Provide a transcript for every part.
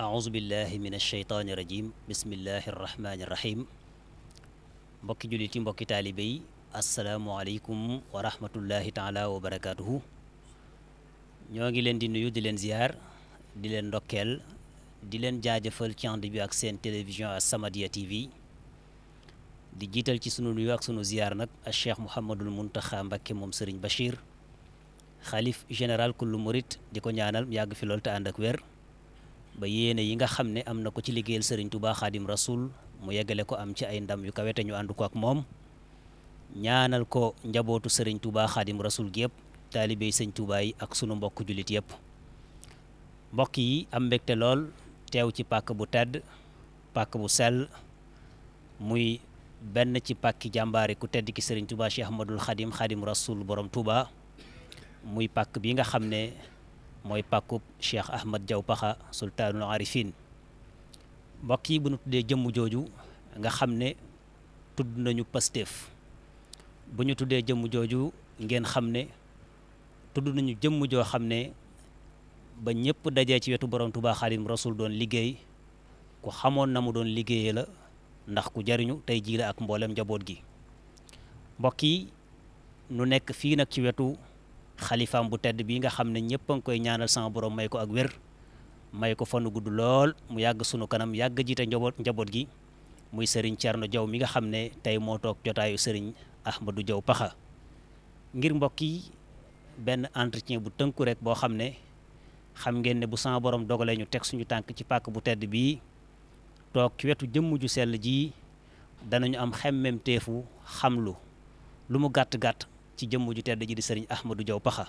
aouzu billahi min alsheytaani irajim bismillahi arrahmani irrahim mbokki jullit yi mbokki taalibe yi asalaamualeykum wa rahmatullahi taala wa barakatuhu ñoo ngi leen di nuyu di leen ziar di leen ndokkeel di leen jaajëfal ci ànd bi ak seen télévision As-Samadiyya TV di jiital ci sunu nuyu ak sunu ziar nag ak cheikh Mouhamadul Mountakha Mbacké moom Serigne Bachir xalif général kullu murit di ko ñaanal yàgg fi lool te ànd ak ba yéene yi nga xam ne am na ko ci liggéeyal sëriñ Tuubaa Xaadim Rasul mu yeggale ko am ci ay ndam yu kawe te ñu ko ak moom ñaanal ko njabootu sëriñ Tuubaa Xaadim Rasul gi yëpp taalibey sëñ Tuubaa yi ak sunu mbokk jullit yëpp mbokk yi am mbégte lool teew ci pàkk bu tedd pàkk bu sell muy benn ci pàkki jàmbaari ku tedd ki sëriñ Tuubaa Cheikh Ahmadul Xaadim Xaadim Rasul borom Tuubaa muy pàkk bi nga xam ne mooy pàkkub Cheikh Ahmad Diaw Paxa sultaanul arifin mbokk yi bu nu tuddee jëmm jooju nga xam ne tudd nañu Pastef bu ñu tuddee jëmm jooju ngeen xam ne tudd nañu jëmm joo xam ne ba ñëpp dajee ci wetu borom Tuubaa Xaadim Rasul doon liggéey ku xamoon na mu doon liggéeyee la ndax ku jariñu tey jii ak mboolem njaboot gi mbokk nu nekk fii nag ci wetu. xalifaam bu tedd bii nga xam ne ñëpp a ngi koy ñaanal sama borom may ko ak wér may ko fanu gudd lool mu yàgg sunu kanam yàgg jiite njaboot njaboot gi muy sëriñ Thierno jaw mi nga xam ne tey moo toog jotaayu sëriñ Ahmadou jaw Pakha ngir mbokk yi benn entretien bu tënku rek boo xam ne xam ngeen ne bu sama borom dogalee ñu teg suñu tànk ci pàkk bu tedd bii toog ci wetu jëmm ju sell ji danañu am xemmem xam lu lu mu gàtt gàtt ci jëmm ju tedd ji di sëriñ Ahmadou Diaw Paxa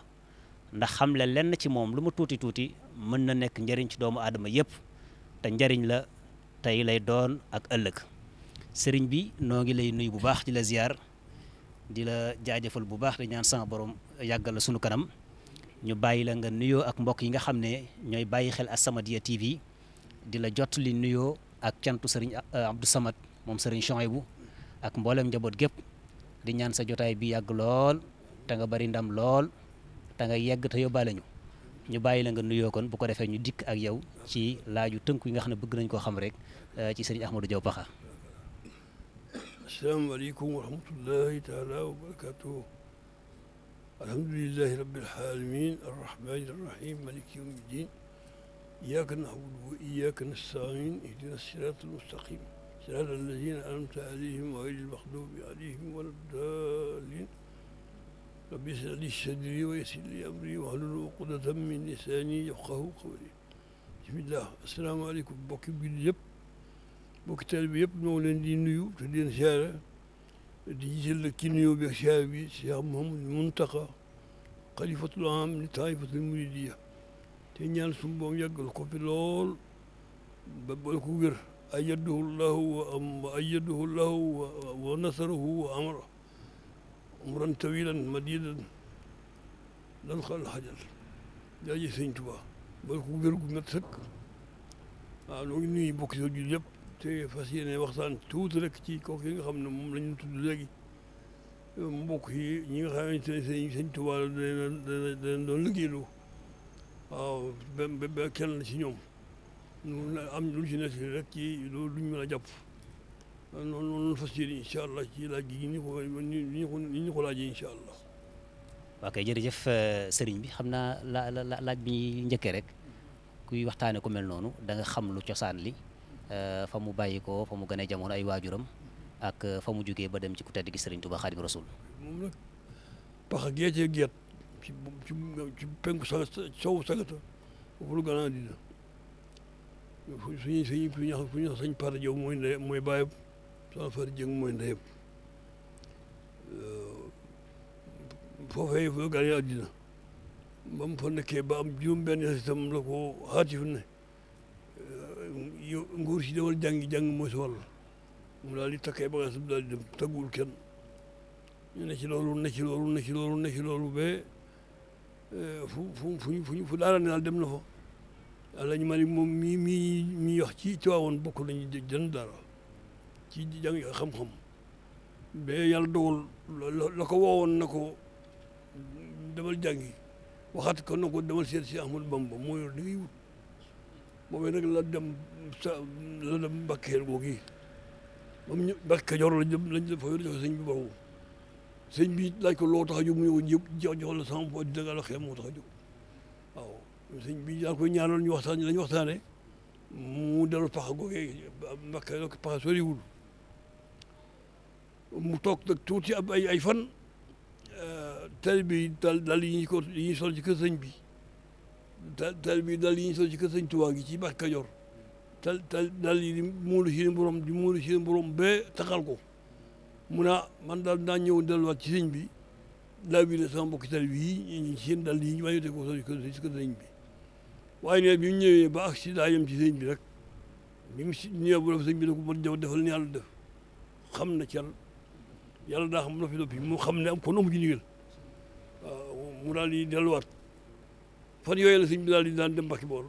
ndax xamle lenn ci moom lu ma tuuti tuuti mën na nekk njëriñ ci doomu aadama yëpp te njariñ la tey lay doon ak ëllëg sëriñ bi noo ngi lay nuyu bu baax di la ziar di la jaajëfal bu baax di ñaan sama borom yàggal la sunu kanam ñu bàyyi la nga nuyoo ak mbokk yi nga xam ne ñooy bàyyi xel As-Samadiyya TV di la jot li nuyoo ak cantu sëriñ euh, Abdou Samad moom sëriñ Chouaïbou bu ak mboolem njaboot gépp di ñaan sa jotaay te nga bari ndam lool te nga yegg te yóbbaale ñu ñu bàyyi la nga nuyoo kon bu ko defee ñu dikk ak yow ci laaju tënk yi nga xam ne bëgg nañ koo xam rek euh, ci seen Ahmadou Diaw Pakha asalaamaaleykum wa rahmatullahi taala wa barakatuh alhamdulilahi rabbil alamin arrahmani arrahim maliki yawmi ddin iyyaka na'budu wa iyyaka nasta'in ihdina sirata almustaqim sirata alladina an'amta alayhim ghayril رب اشرح لي صدري ويسر لي امري واحلل عقدة من لساني يفقهوا قولي bismillah asalaamaaleykum mbokki mbir yëpp mbokki taal bi yëpp ñoo leen di nuyu te di leen siyaare di gisal la ki nuyu bi ak siyaare bi Cheikh Mouhamadou Mountakha xalifatul am li taifatul muridiya te ñaan suñu boom yàggal ko fi lool ba bal ko wér ayadahu wa ayadahu llahu wa nasarahu umran tawilan madidan dal xal xajal jaaji sëñ Tuba bal ko wér gu mat sëkk waaw noo ngi nuyu bokk soo jul yëpp te fas yéene waxtaan tuuti rek ci kooku yi nga xam ne moom la ñu tudd léegi mbokk yi ñi nga xamante ne sëñ sëñ Tuba la dana doon liggéeylu waaw ba kenn la ci ñoom am lu ñu ci nekk rek ci loolu duñ mën a jàpp noonu noonu fas yéene incha allah ci laaj gi ñu ko ni ñu ko laajee incha allah. waa kay sëriñ bi xam naa la la laaj bi njëkkee rek kuy waxtaanee ku mel noonu da nga xam lu cosaan li fa mu bàyyi ko fa mu gënee jamono ay waajuram ak famu mu jógee ba dem ci ku tedd gi sëriñ Tuubaa Xaadimu Rasuul. moom nag pax gee cee geet ci penku saga sowu sagata foofu lu gën a sañ Paata Jaw mooy bàyyi. soxna Fatou Dieng mooy ndeyam foofee fa gane àddina ba mu fa nekkee am juróom-benn yas itam la ko xaatif ne nguur si demal jàngi jàng mooy si wàll mu daal di takkee bagage bi daal di dem tagguwul loolu ne ci loolu ne loolu ne loolu ba eh, fu fu fu fu daara ne daal dem na fa. Alaaji Malik moom mii mii mii wax ci Tiwaawoon bokk nañu jën dara. ci jàng xam-xam ba yàlla dogal la ko woowoon na ko demal jàngi waxaat ko na ko demal seet si Ahmadu Bamba moo yor li ngay wut boobee nag la dem sa la dem Mbàkkeel googu moom ñu Mbàkke la jëm lañ fa yor joxe sëñ bi boobu sëñ bi laaj ko loo tax a jóg mu ñëw yëpp jox jox la sama poche dina la xeeb moo tax a jóg waaw sëñ bi daa koy ñaanal ñu waxtaan lañ waxtaanee mu dellu pax googee Mbàkke la ko pax soriwul mu toog nag tuuti ab ay ay fan euh, tali bi dal dal yi ñu ko yi ñu sol ci kër sëñ bi tali bi dal yi ñu sol ci kër sëñ Tuubaa gi ci Mbàkke Kajoor tal tal dal yi di muulu si borom di muulu si borom ba taxal ko mun naa ah, man daal naa ñëw delluwaat ci sëñ bi laa bi ne sama mbokki tali bi yi ñu seen dal yi ñu wàññi ko sol ci kër sëñ bi waaye nee bi mu ñëwee ba accident yem ci sëñ bi rek bi mu si ñëwee bu sëñ bi ne ko man defal ni yàlla def xam na ci yàlla yàlla daa xam noppi noppi mu xam ne am kon amu ci mu daal di delluwaat fan yooyu la sëñ daan dem Mbacke Bawol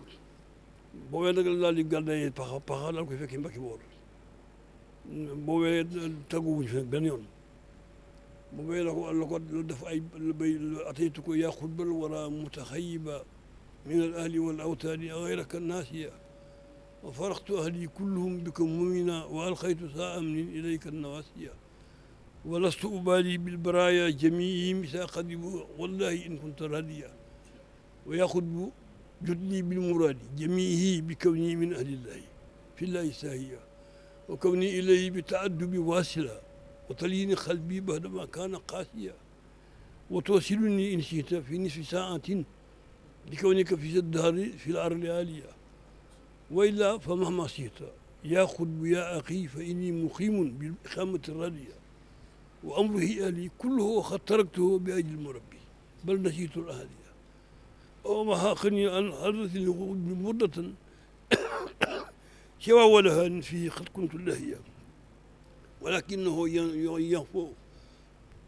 boobee nag la daal di gàddaay paxa paxa daal koy fekki Mbacke Bawol boobee tàgguwuñ fi benn yoon boobee la ko la ay bay ataytu ko yaa xutbal wara min al ahli wal awtaadi gayraka wa faraxtu ahli kulluhum bika mumina wa alxaytu saa amnin ilayka nawaasiya walastu ubaali bilbaraya jamiihim saa xadibu wallahi in kunta radiya wa yaxut bu jotnii bilmuraadi jamiihi bi kaw nii min ahlillahi fillahi sahiya wa kaw nii ilayhi bi taaddubi waasila wa talyini xalbi bahdama kaana qaasiya wa toosiluni in shiita fi nisfi saatin li kawnika fi saddaari fi l ardi aaliya wa illaa fa mahma shiita yaa xutbu yaa axi fa inni muqiimun bil iqaamati radiya wa amruhi ali kulluhu qad taraktuhu bi ajli murabbi bal nasiitul ahadiya wa ma haaqani an hadrati liqubni murdatan siwa walahan fii qad kuntu lahiya walakinahu yanfo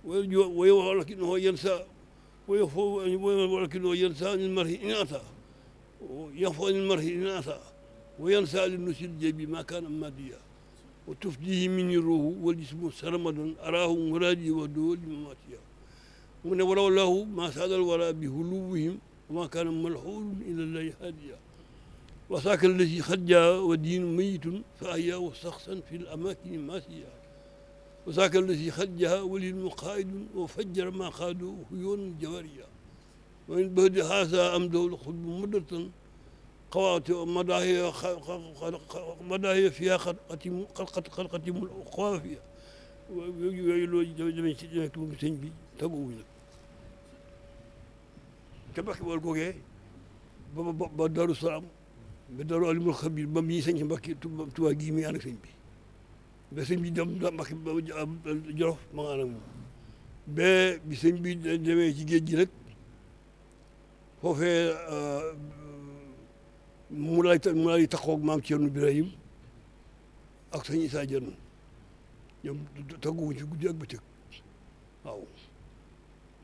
walakinahu yansa walakinahu yansa an ilmarhi in ata yanfo an ilmarhi in ata wa yansa linnusil jaybi ma kaana madiya وتفديه مني روحه والجسم سرمد أراه مرادي ودول مماتي من ولو له ما ساد الورى بهلوبهم وما كان ملحول إلى الله هاديا وساك الذي خد ودين ميت فأيا وسخصا في الأماكن ماسيا وساك الذي خدها وللم قائد وفجر ما قادوا خيون جواريا وإن بهد هذا أمده الخلب مدة خواتم مداهي مداهي فيها قد قتم قد قد قتم الخوافية ويلو جمع سيدنا كم سنبي تقول تبكي والكوكي بدار السلام بدار علم الخبير بمي سنج بكي تواجي مي أنا سنبي بس سنبي دم دم بكي جرف ما أنا مو بسنبي جمع سيدنا فوفي mu lay yi lay taxaw maam Thierno Birahim ak sëñ Issa Diagne ñoom tagguwuñ ci guddi ak bëccëg waaw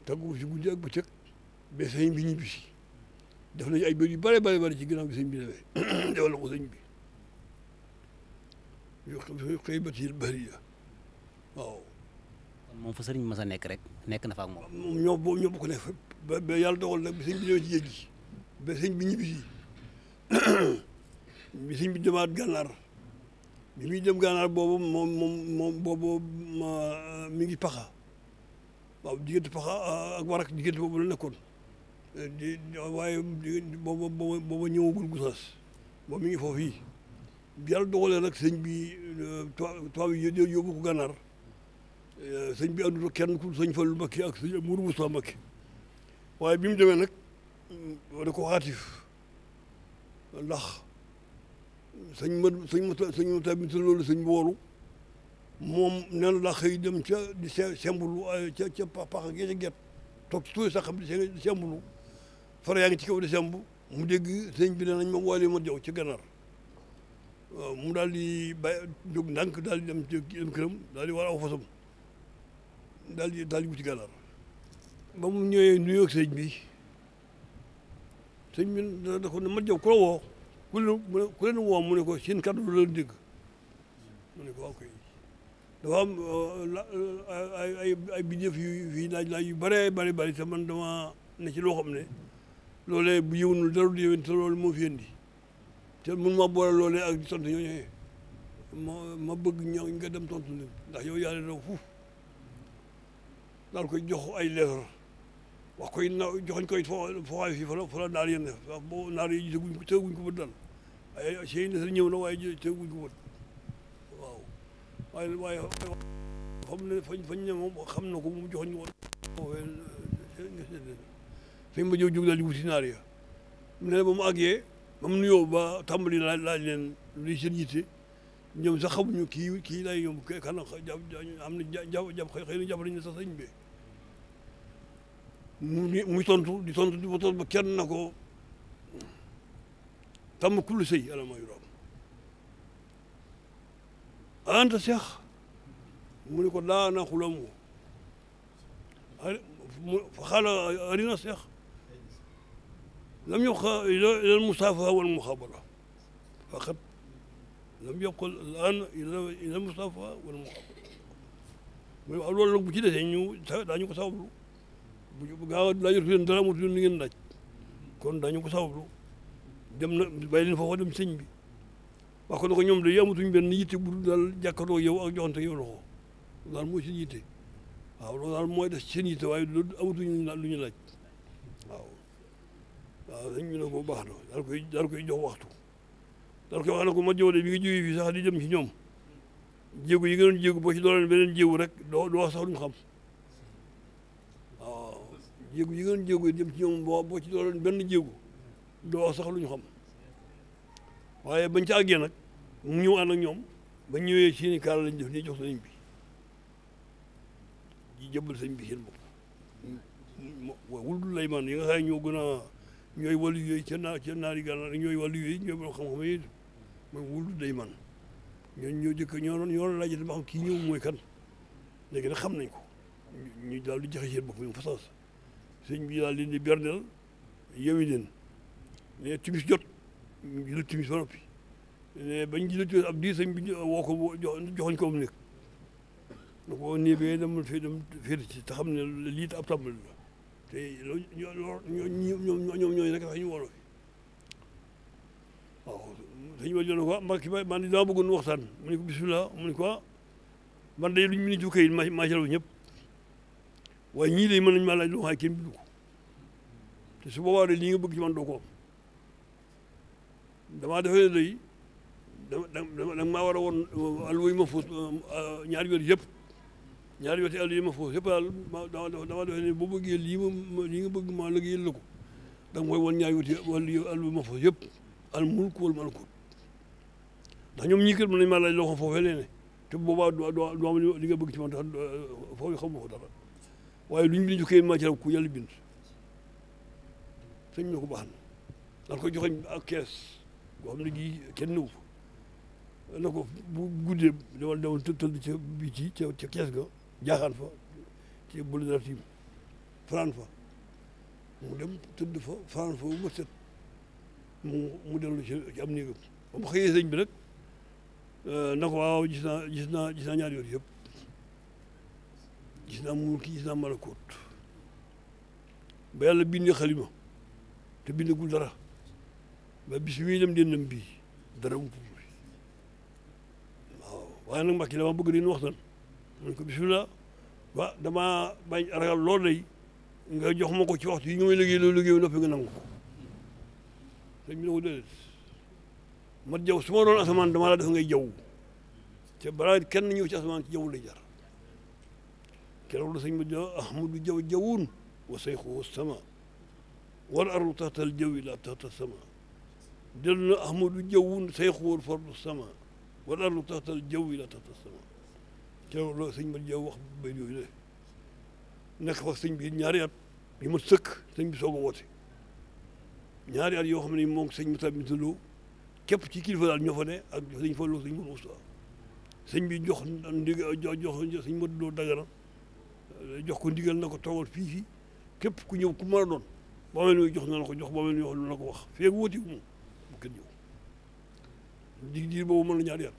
tagguwuñ ci guddi ak bëccëg ba sëñ bi ñibbi si def ay mbir yu bare bare bare ci ginnaaw bi sëñ bi demee defal na ko sëñ bi yu xëy bët yi bëri la waaw. kon moom fa nekk rek nekk na fa moo moom. ñoo ñoo bokk nekk fa ba yàlla dogal nag bi sëñ bi ci géej gi ba sëñ bi ñibbi si. bi sëñ bi demaat gànnaar bi muy dem gànnaar boobu moom moom moom boobu mi ngi paxa waaw diggante paxa ah, ak warak diggante boobu la nekkoon di waaye boobu boobu boobu ñëwagul gusaas boobu mi ngi foofu yi yàlla dogalee nag sëñ bi euh, tubaab yi yóbbu ko gànnaar euh, sëñ bi àndul kenn ku sëñ Fallu Mbakke ak sëñ Mourou Moussa Mbakke waaye bi mu demee nag mm, da ko xaatif ndax sëñ ma sëñ ma sëñ ma ta binta loolu moom nen la xëy dem ca di sembulu ca ca pax gi ca get toog ci sax xam di sembulu fara yaa ngi ci kaw di semb mu dégg sëñ bi ne nañ ma waale ma ci ganaar mu daal di bay jóg daal di dem ci dem daal di war aw fasam daal di di wuti ganaar ba mu ñëwee nuyoo ak sëñ bi sëñ bi da ko ne mat jaw ku woo ku leen ku ko seen kàddu du leen mu ne ko waaw kay dafa am euh, euh, ay ay ay biddeef yu fii laaj laaj yu bëree bëri bëri te man dama ne ci loo xam ne loolee bu yëwunul dara du yëwen te loolu moo fi indi te mun ma boole loolee ak di tontu ñoo ñëwee ma ma bëgg ñoo nga dem tontu leen ndax yow yaa leen raw fuuf daal jox ay leeral wax ko it na joxoñ ko it foo foo waaye fii fa la fa la naar yéen ne wax boo naar yi tëguñ ko tëguñ ko bët daal ay si ne sa ñëw na waaye tëguñ ko bët waaw waaye waaye fam ne fañ fañ ne moom xam na ko moom joxoñ woon fi ma jóg jóg daal di wuti naar ya mu ne ba mu àggee ba mu nuyoo ba tàmbali laaj laaj leen luy seen yitte ñoom sax xamuñu kii kii lay yomb kan am na jàpp jàpp xëy na jàpp nañu sax sëñ bi muy tontu di tontu di ba ba kenn na ko tàmm kullu sëy ala ma yuram anta seex mu ne ko daana xulamu fa xaala arina seex lam yabqa ila almusafaha walmuxaabara faqat lam yabqa alaan ila almusafaha walmuxaabara loolu nag bu ci desee ñu daañu ko sabablu bu gaaw a laajut leen dara amut leen li ngeen laaj kon dañu ko sabablu dem na bàyyi leen foofa dem bi wax ko ne ko ñoom day amatuñ benn yitte bu dul daal jàkkaarloo yow ak joxante yow loxo daal mooy seen yitte waaw loolu daal mooy des yitte waaye loolu amatuñ lu ñu laaj waaw waaw dañ ñu ne ko baax na daal koy daal koy jox waxtu daal koy wax ne ko ma jow de bi nga jógee fii sax di dem ci ñoom jéegu yi nga doon jéegu boo ci dooleen rek doo doo wax sax duñ xam jéego yi ngeen jéego yi jëm ci ñoom boo boo ci jéego doo sax ñu xam waaye bañ ci àggee mu ñëw ànd ak ñoom ba ñëwee ci ni kaala lañ def nii jox sëñ bi di jëbbal sëñ bi seen bopp waaw wul lay man yi nga xam ne ñoo gën a ñooy wàllu yooyu ca naa ca naari gànnaar ñooy wàllu yooyu ñooy borom xam-xam yi mooy wul day man ñooñu ñoo jëkk ñoo doon ñoo doon laajate ba xam kii mooy kan léegi na xam nañ ko ñu daal di jaxe seen bopp ñoom fasaas sëñ bi daal leen di berdel yewi leen ne timis jot jël timis ba ne bañ jil timis ab diir sëñ bi woo ko joxoñ ko mu nekk da ko nii ci te xam ne lii ab tàmbali la te loolu ñoom ñoom ñooñu rek sax ñu woolo waaw sëñ bi jox ko ma ki man di daa bëggoon waxtaan mu ne mu ne ko ah, man day luñ kayit maa ci raw ñëpp waaye ñii de mën nañu maa laaj loo xam ne kenn bindu ko te su boobaa de nga bëgg ci man doo dama dama maa war a woon alwa ma fuus ñaari wet yëpp ñaari wet àll yi ma fuus euh, euh, yëpp daal dama defee ne boo bëggee lii ma lii nga bëgg maa liggéeyal la ko da nga koy woon ma fuus yëpp al mulk wal malakut ndax ñoom ñii kër mën nañu maa laaj loo xam foofee lee ne te boobaa du am li nga bëgg ci man euh, foofu xamu ko dara waaye luñ ñu bind ko yéen maa ci raw ku yàlla bind sëñ bi ko baax na daan ko joxeñ ak kees boo xam ne gii kenn nëw na ko bu guddee dama demoon tëdd ca ci ca ca kees ga jaaxaan fa ci bulu dara tiim fanaan fa mu dem tëdd fa fanaan fa ba set mu mu dellu ci am néegam ba mu xëyee sëñ bi nag euh, na ko waaw gis naa gis naa gis ñaari yoon yëpp gis naa mulki gis naa malakoot ba yàlla bindee xalima te bindagul dara ba bis wii dem dennam bii dara ump waaw waaye nag mbàkki dama bëgg leen waxtaan man ko bisimilah wa damaa bañ ragal loolu lay nga jox ma ko ci waxtu yi nga may liggéey loolu liggéey nga nangu ko sëñ bi ne ko déedéet mat jaww su ma doon asamaan damaa la def ngay jaw te balaa kenn ñëw ci asamaan ci jaww lay jar keroog la sëñ ma jox ahmadu jaw jawun wa sayxuhu sama wal ardu taxta al jawi la taxta sama dellu na ahmadu jawun sayxuhu al fardu sama wal ardu taxta al jawi la taxta sama keroog la sëñ wax bay yooyu le nekk fa sëñ bi ñaar at yu sëkk sëñ bi yoo xam ne moom sëñ Moussa Binta Lo képp ci kilifa daal ñoo fa ne ak sëñ Fallou sëñ Mourou Moussa sëñ bi jox ndig jox jox sëñ Modou Lo Dagana jox ko ndigal na ko toogal fii fii képp ku ñëw ku mën a doon boo mel jox na la ko jox boo mel ni jox na la ko wax feeg wóoti moom bu kenn ñëw dig diir boobu mën na ñaari at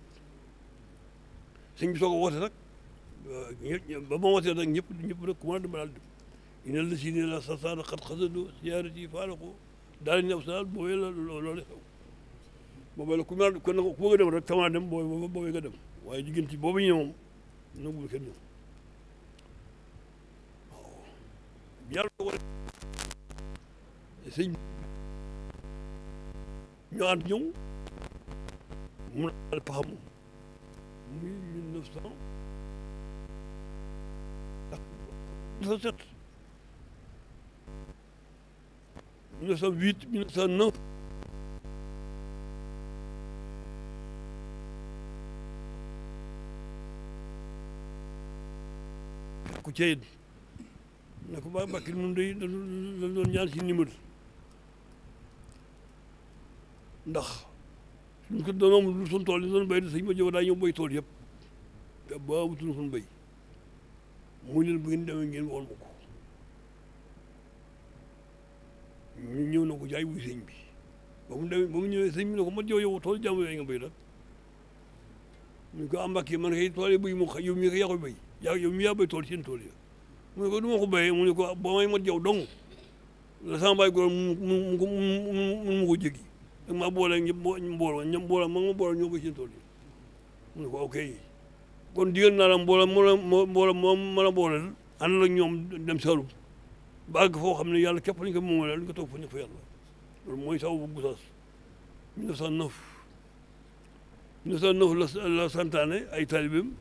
sëñ bi soog a ba ma wootee nag ñëpp ñëpp nag ku mën a dem daal dem ina la si ne la sasaan xat xasado ko absal boobee la loolu xew boobee la ku mën a kon nag ku bëgg a boobee nga dem waaye diggante boobu ñu ne moom nanguwul kenn ñëw yàlla dogal sëñ ñu ànd ñëw mun al paxam muy mille neuf cent soixante-sept cent huit mille neuf cent neuf ku ceyin Tuubaa Mbàkke nun day dañ doon ñaan si ndimbal ndax suñ ko doonoom lu suñ tool yi doon béy di ma jow daa ñëw béy tool yëpp te ba wutuñu suñ béy mu leen bu ngeen demee woon ma ko ñu na ko jaay wuy sëñ bi ba mu demee ba mu ñëwee ko ma jow yow tool jàmm la ñu ko ah, man kay tool yi béy moom yow mii ko yaa koy béy yaa yow tool seen tool yi mu ne ko du ma ko béyee mu ne ko ba may mat jaw dong la sama baay góor mu mu mu mu ko jéggi ak ma boole ñëpp mbooloo ñëpp mbooloo ma ma booloo ñoo ko seen tool yi mu ne ko ok kon digal naa la mbooloo mbooloo mbooloo moom ma la booleel ànd la ñoom dem ba foo xam ne yàlla képp lañ ko moom la ñu ko toog fa ñu fa yàlla loolu mooy saw bu Gusaas 1909 1909 la la santaane ay taalibeem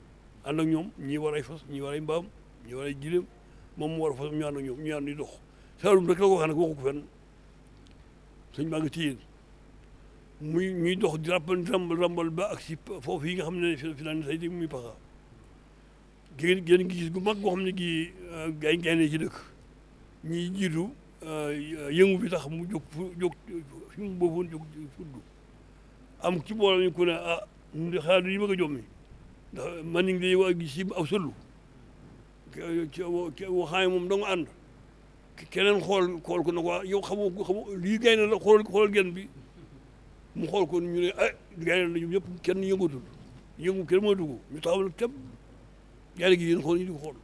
ànd ak ñoom ñii war ay fas ñii war ay mbaam ñii war moom mu war a fas ñu ànd ak ñoom ñu ànd di dox Saalum rek la ko wax nag waxu ko fenn sëñ baa ngi téye muy ñuy dox di ràmbal ràmbal ba ak si foofu yi nga xam ne fi naan say di muy paxa génn génn gi gis gu mag goo xam ne gii euh, gay gaynde ci dëkk ñiy jiitu euh, yëngu bi tax mu jóg jóg fi mu boofoon jóg fudd am ci boolem ñu ku ne ah xanaa du ñu bëgg a jommi ndax man ni ngi day waa gi si aw sëllu waxaay moom da nga ànd keneen xool xool ko na ko ah, yow xamoo xamoo lii gaynde la xool xoolal gen bi mu xool ko ñu ne ah gaynde la ñoom ñëpp kenn yëngatul yëngu kenn moo dugg ñu taxaw nag teb gaynde gi yéen xool ñu di ko xool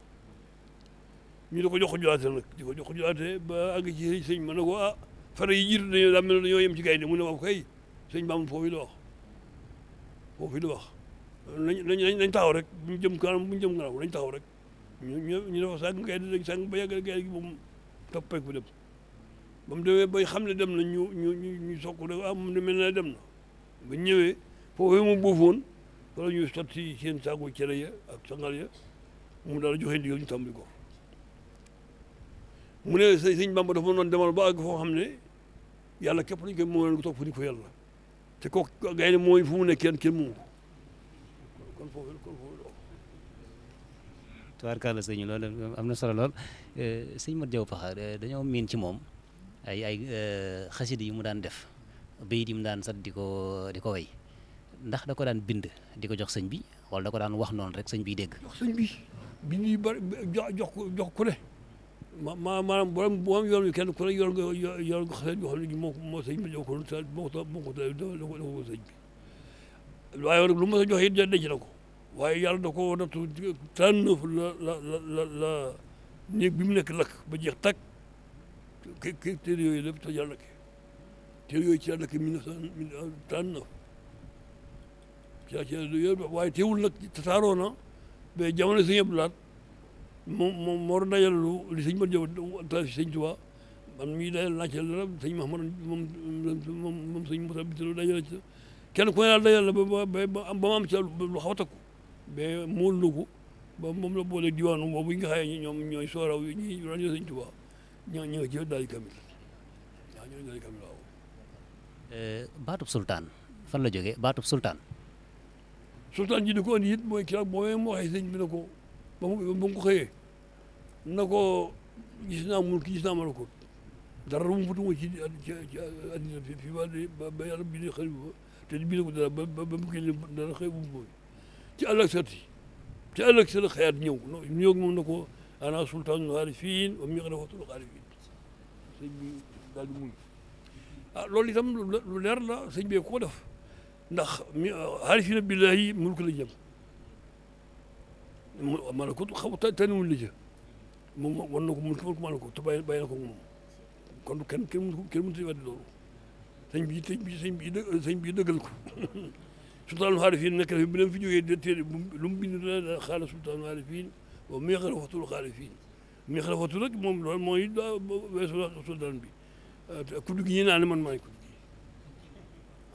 ñu di ko jox ko julaate nag di ko jox ko julaate ba àgg ci sëñ ma ne ko ah fara yi jiitu dañoo daa mel ne dañoo yem ci gaynde mu ne waaw kay sëñ maam foofu la wax foofu la wax nañ nañ nañ taxaw rek bu ñu jëm kanam bu ñu jëm kanam nañ taxaw rek ñu ñu dafa sàng gaynde léegi sàng ba yàgg gaynde gi moom toppee ko dem ba mu demee bay xam ne dem na ñu ñu ñu soog ko ne ah moom de mel na dem na ba ñëwee foofu mu buufoon wala ñuy sotti seen saaku cere ya ak sangal ya mu daal joxe ndigal ñu tàmbali ko mu ne sëñ Bamba dafa noon demal ba àgg foo xam ne yàlla képp lañ koy moom leen topp fu ñu ko yàlla te kooku gaynde mooy fu mu ne kenn kenn mu ko kon foofu kon foofu tubaarkàlla sëñ lool am na solo lool sëñ Mat Jaw Paxa dañoo miin ci moom ay ay xasida yi mu daan def bayit yi mu daan sat di ko di ko way ndax da ko daan bind di ko jox sëñ bi wala da ko daan wax noonu rek sëñ bi dégg. jox sëñ bi bind yu bari jox jox jox ku ne ma maanaam borom borom yoon kenn ku ne ko moo ko moo ko sëñ bi waaye nag lu ma sa jox it denc na ko. waaye yàlla da ko nattu trente-neuf la la la la néeg bi mu nekk lakk ba jeex tàkk kii kii téere yooyu lépp ca jàll ki téere yooyu ci la lakk mille neuf cent trente-neuf ca ca waaye teewul nag tasaaroo na ba jamono Sëñ Abdu Lahat moom moom moo dajal lu li sëñ Mat Jaw ta man mii dajal naa ci dara sëñ Mahamad moom moom moom sëñ Musaa Bitélo dajal ci kenn ku ne daal dajal la ba ba ba am ba ma ci lu xaw a ba muur Louga ba moom la boole diwaanu boobu nga xëy ñi ñoom ñooy sooraw yi ñuy rajo Sëñ Tuubaa ñoo ñoo jël daal kamil waaw ñoo daal eh, baatub sultaan fan la jógee baatub sultaan sultaan ji di ko andi it mooy kii moo waxee sëñ bi ko ba mu ba mu na ko gis naa mulk gis naa dara mu futuma ci ci ci addina fi ba ba yàlla bi ne xëy ba te bi ne ko dara ba ba mu kii dara xëy bu ci àll ak ci àll ak sati xayaat ñëw ñëw moom na ko ana sultaanul aarifiin wa miqdawatul aarifiin sëñ bi daal di muñ ah loolu itam lu leer la sëñ ko def ndax aarifiina billaahi mulk la jëm malakut xaw tànniwul la jëm moom wan na ko mulk ko mën na ko te bàyyi bàyyi na ko moom kon kenn kenn mënut kenn loolu sëñ bi sëñ bi bi dëggal ko sultaanul xaarifiin nekk na fi bu leen fi jógee téere lu mu bind dana xaala sultaanul xaarifiin wa mi xalafatul xaarifiin moom loolu mooy daa weesu sultaan bi kuddu gi ñu naan man maay kuddu gi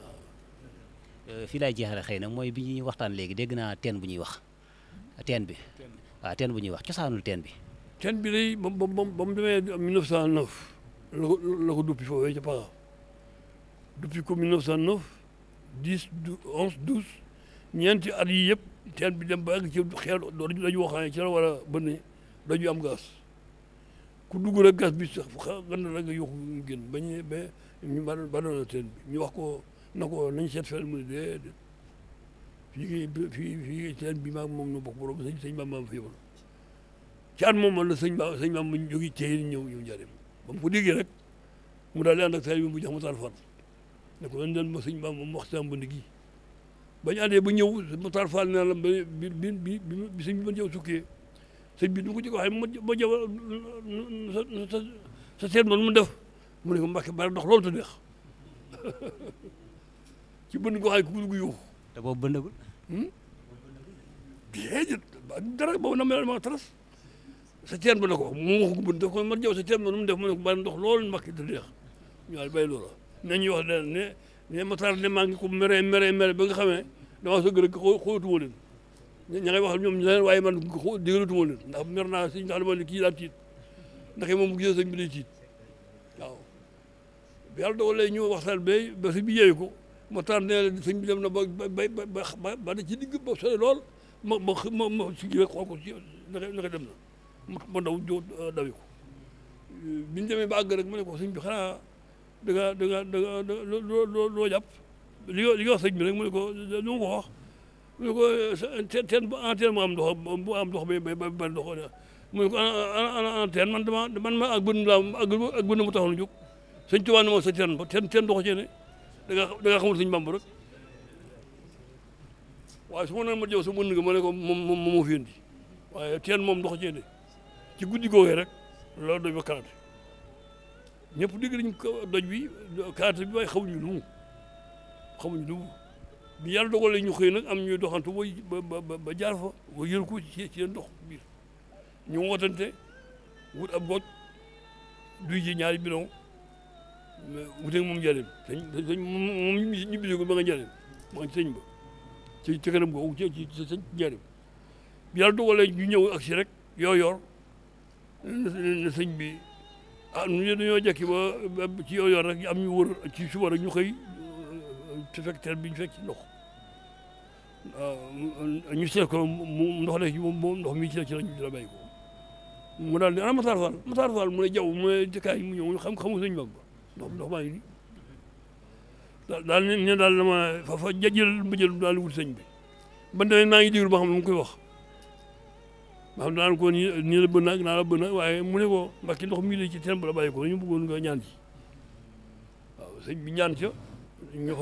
waaw. fii laay jeexale xëy na mooy bi ñuy waxtaan léegi dégg naa teen bu ñuy wax teen bi waaw teen bu ñuy wax cosaanul teen bi. teen bi day ba mu demee 1909 la ko la ko duppi foofee ca Paxa duppi ko 1909. dix onze douze ñeenti at yi yëpp teen bi dem ba àgg ci xeel doon dañu waxaane ci la war bënne dañu am gaz ku dugg rek gaz bi sax gën na rek yuuxu ba ñu ba ñu teen bi ñu wax ko na ko na seet fel mu ne déedéet fii fii teen bi maag moom nu bokk borom sëñ sëñ Bamba fi woon ci at moom la sëñ Bamba sëñ Bamba ñu jógi téye ñëw ñëw njëriñ ba mu ko déggee rek mu daal di ànd ak taalibe bi mu jox mu taal fan da ko doon doon ba suñ maam moom waxtaan bu gi bañu àndee ba ñëw Matar Fall na la bi bi bi bi sëñ bi mën ku sukkee sëñ bi nu ko ma jëw sa sa seet mu def mu ko mbàkke bari ndox loolu te neex ci bënn ko xay ku dugg yow te boobu bëndagul hmm? déedéet dara boobu na ma ma taras sa teen ba na ko mu sa teen man mu def mu ne ko bari ndox loolu mbàkke te neex ñu daal bàyyi loola nañuy wax dara ne ne Matar de maa ngi ko mere mere mere ba nga xamee damaa sëgg rek xóotuma leen ña ngay wax ñoom leneen waaye man déglatuma leen ndax mer naa si ndax dama ne kii laa tiit ndax moom bu gisee sëñ bi day tiit waaw bi yàlla dogalee ñu waxtaan bay ba si bi yeeyu ko Matar nee la sëñ bi dem na ba ba ba da ci digg ba sore lool ma ma ma ma si kii rek xool ko si naka dem na ma daw dawi ko bi ñu demee ba àgg rek mu ne ko sëñ bi da nga da nga da nga loo loo li nga li nga bi rek mu ne ko nu mu ko wax mu ne ko teen teen antenne am ndox bu am ndox bi ba ba ndox mu ne ko ana antenne man dama man ma ak bënn laa ak bënn mu taxoon jóg sëñ Tuubaa ne moom sa teen ba teen teen ndox ci ne da nga da nga xamul sëñ waaye su ma nee ma jow sa bënn nga ma mu ko moom moom moo waaye teen moom ndox ci ne ci guddi googee rek loolu dañ ko kalaate ñëpp dégg nañ ko doj bi kaata bi waaye xamuñu lu mu xamuñu lu mu bi yàlla ñu xëy nag am ñuy doxantu ba ba ba jaar fa ba yël ko ci ci ndox biir ñu wootante wut ab goj duy ji ñaari bidon wuteeg moom njëriñ sëñ ñu bisee ko ba nga njëriñ ba nga ci sëñ ba ci ci kanam googu ci ci sëñ njëriñ bi yàlla dogalee rek yoo yor na sëñ bi ah ñu dañoo jekki ba ci yoo yoon rek ñu am ñu wër ci suba rek ñu xëy te fekk teen bi ñu fekk ci ndox ah, ñu seet ko mu ndox la ci moom ndox mi ci la ci la ñu ko mu daal di ah Matar Fall Matar Fall mu ne jaww mu ne dëkkaay mu ñëw xam Bamba ndox ndox maa ngi nii daal ne daal dama fa fa jël ma jël daal wut bi ban demee maa ngi déglu ba xam lu mu koy wax. ma xam daan ko nii la bënn ak naa waaye mu ne ko mi la ci teen ba la ñu bëggoon nga ñaan ci waaw sëñ bi ñaan ca ñu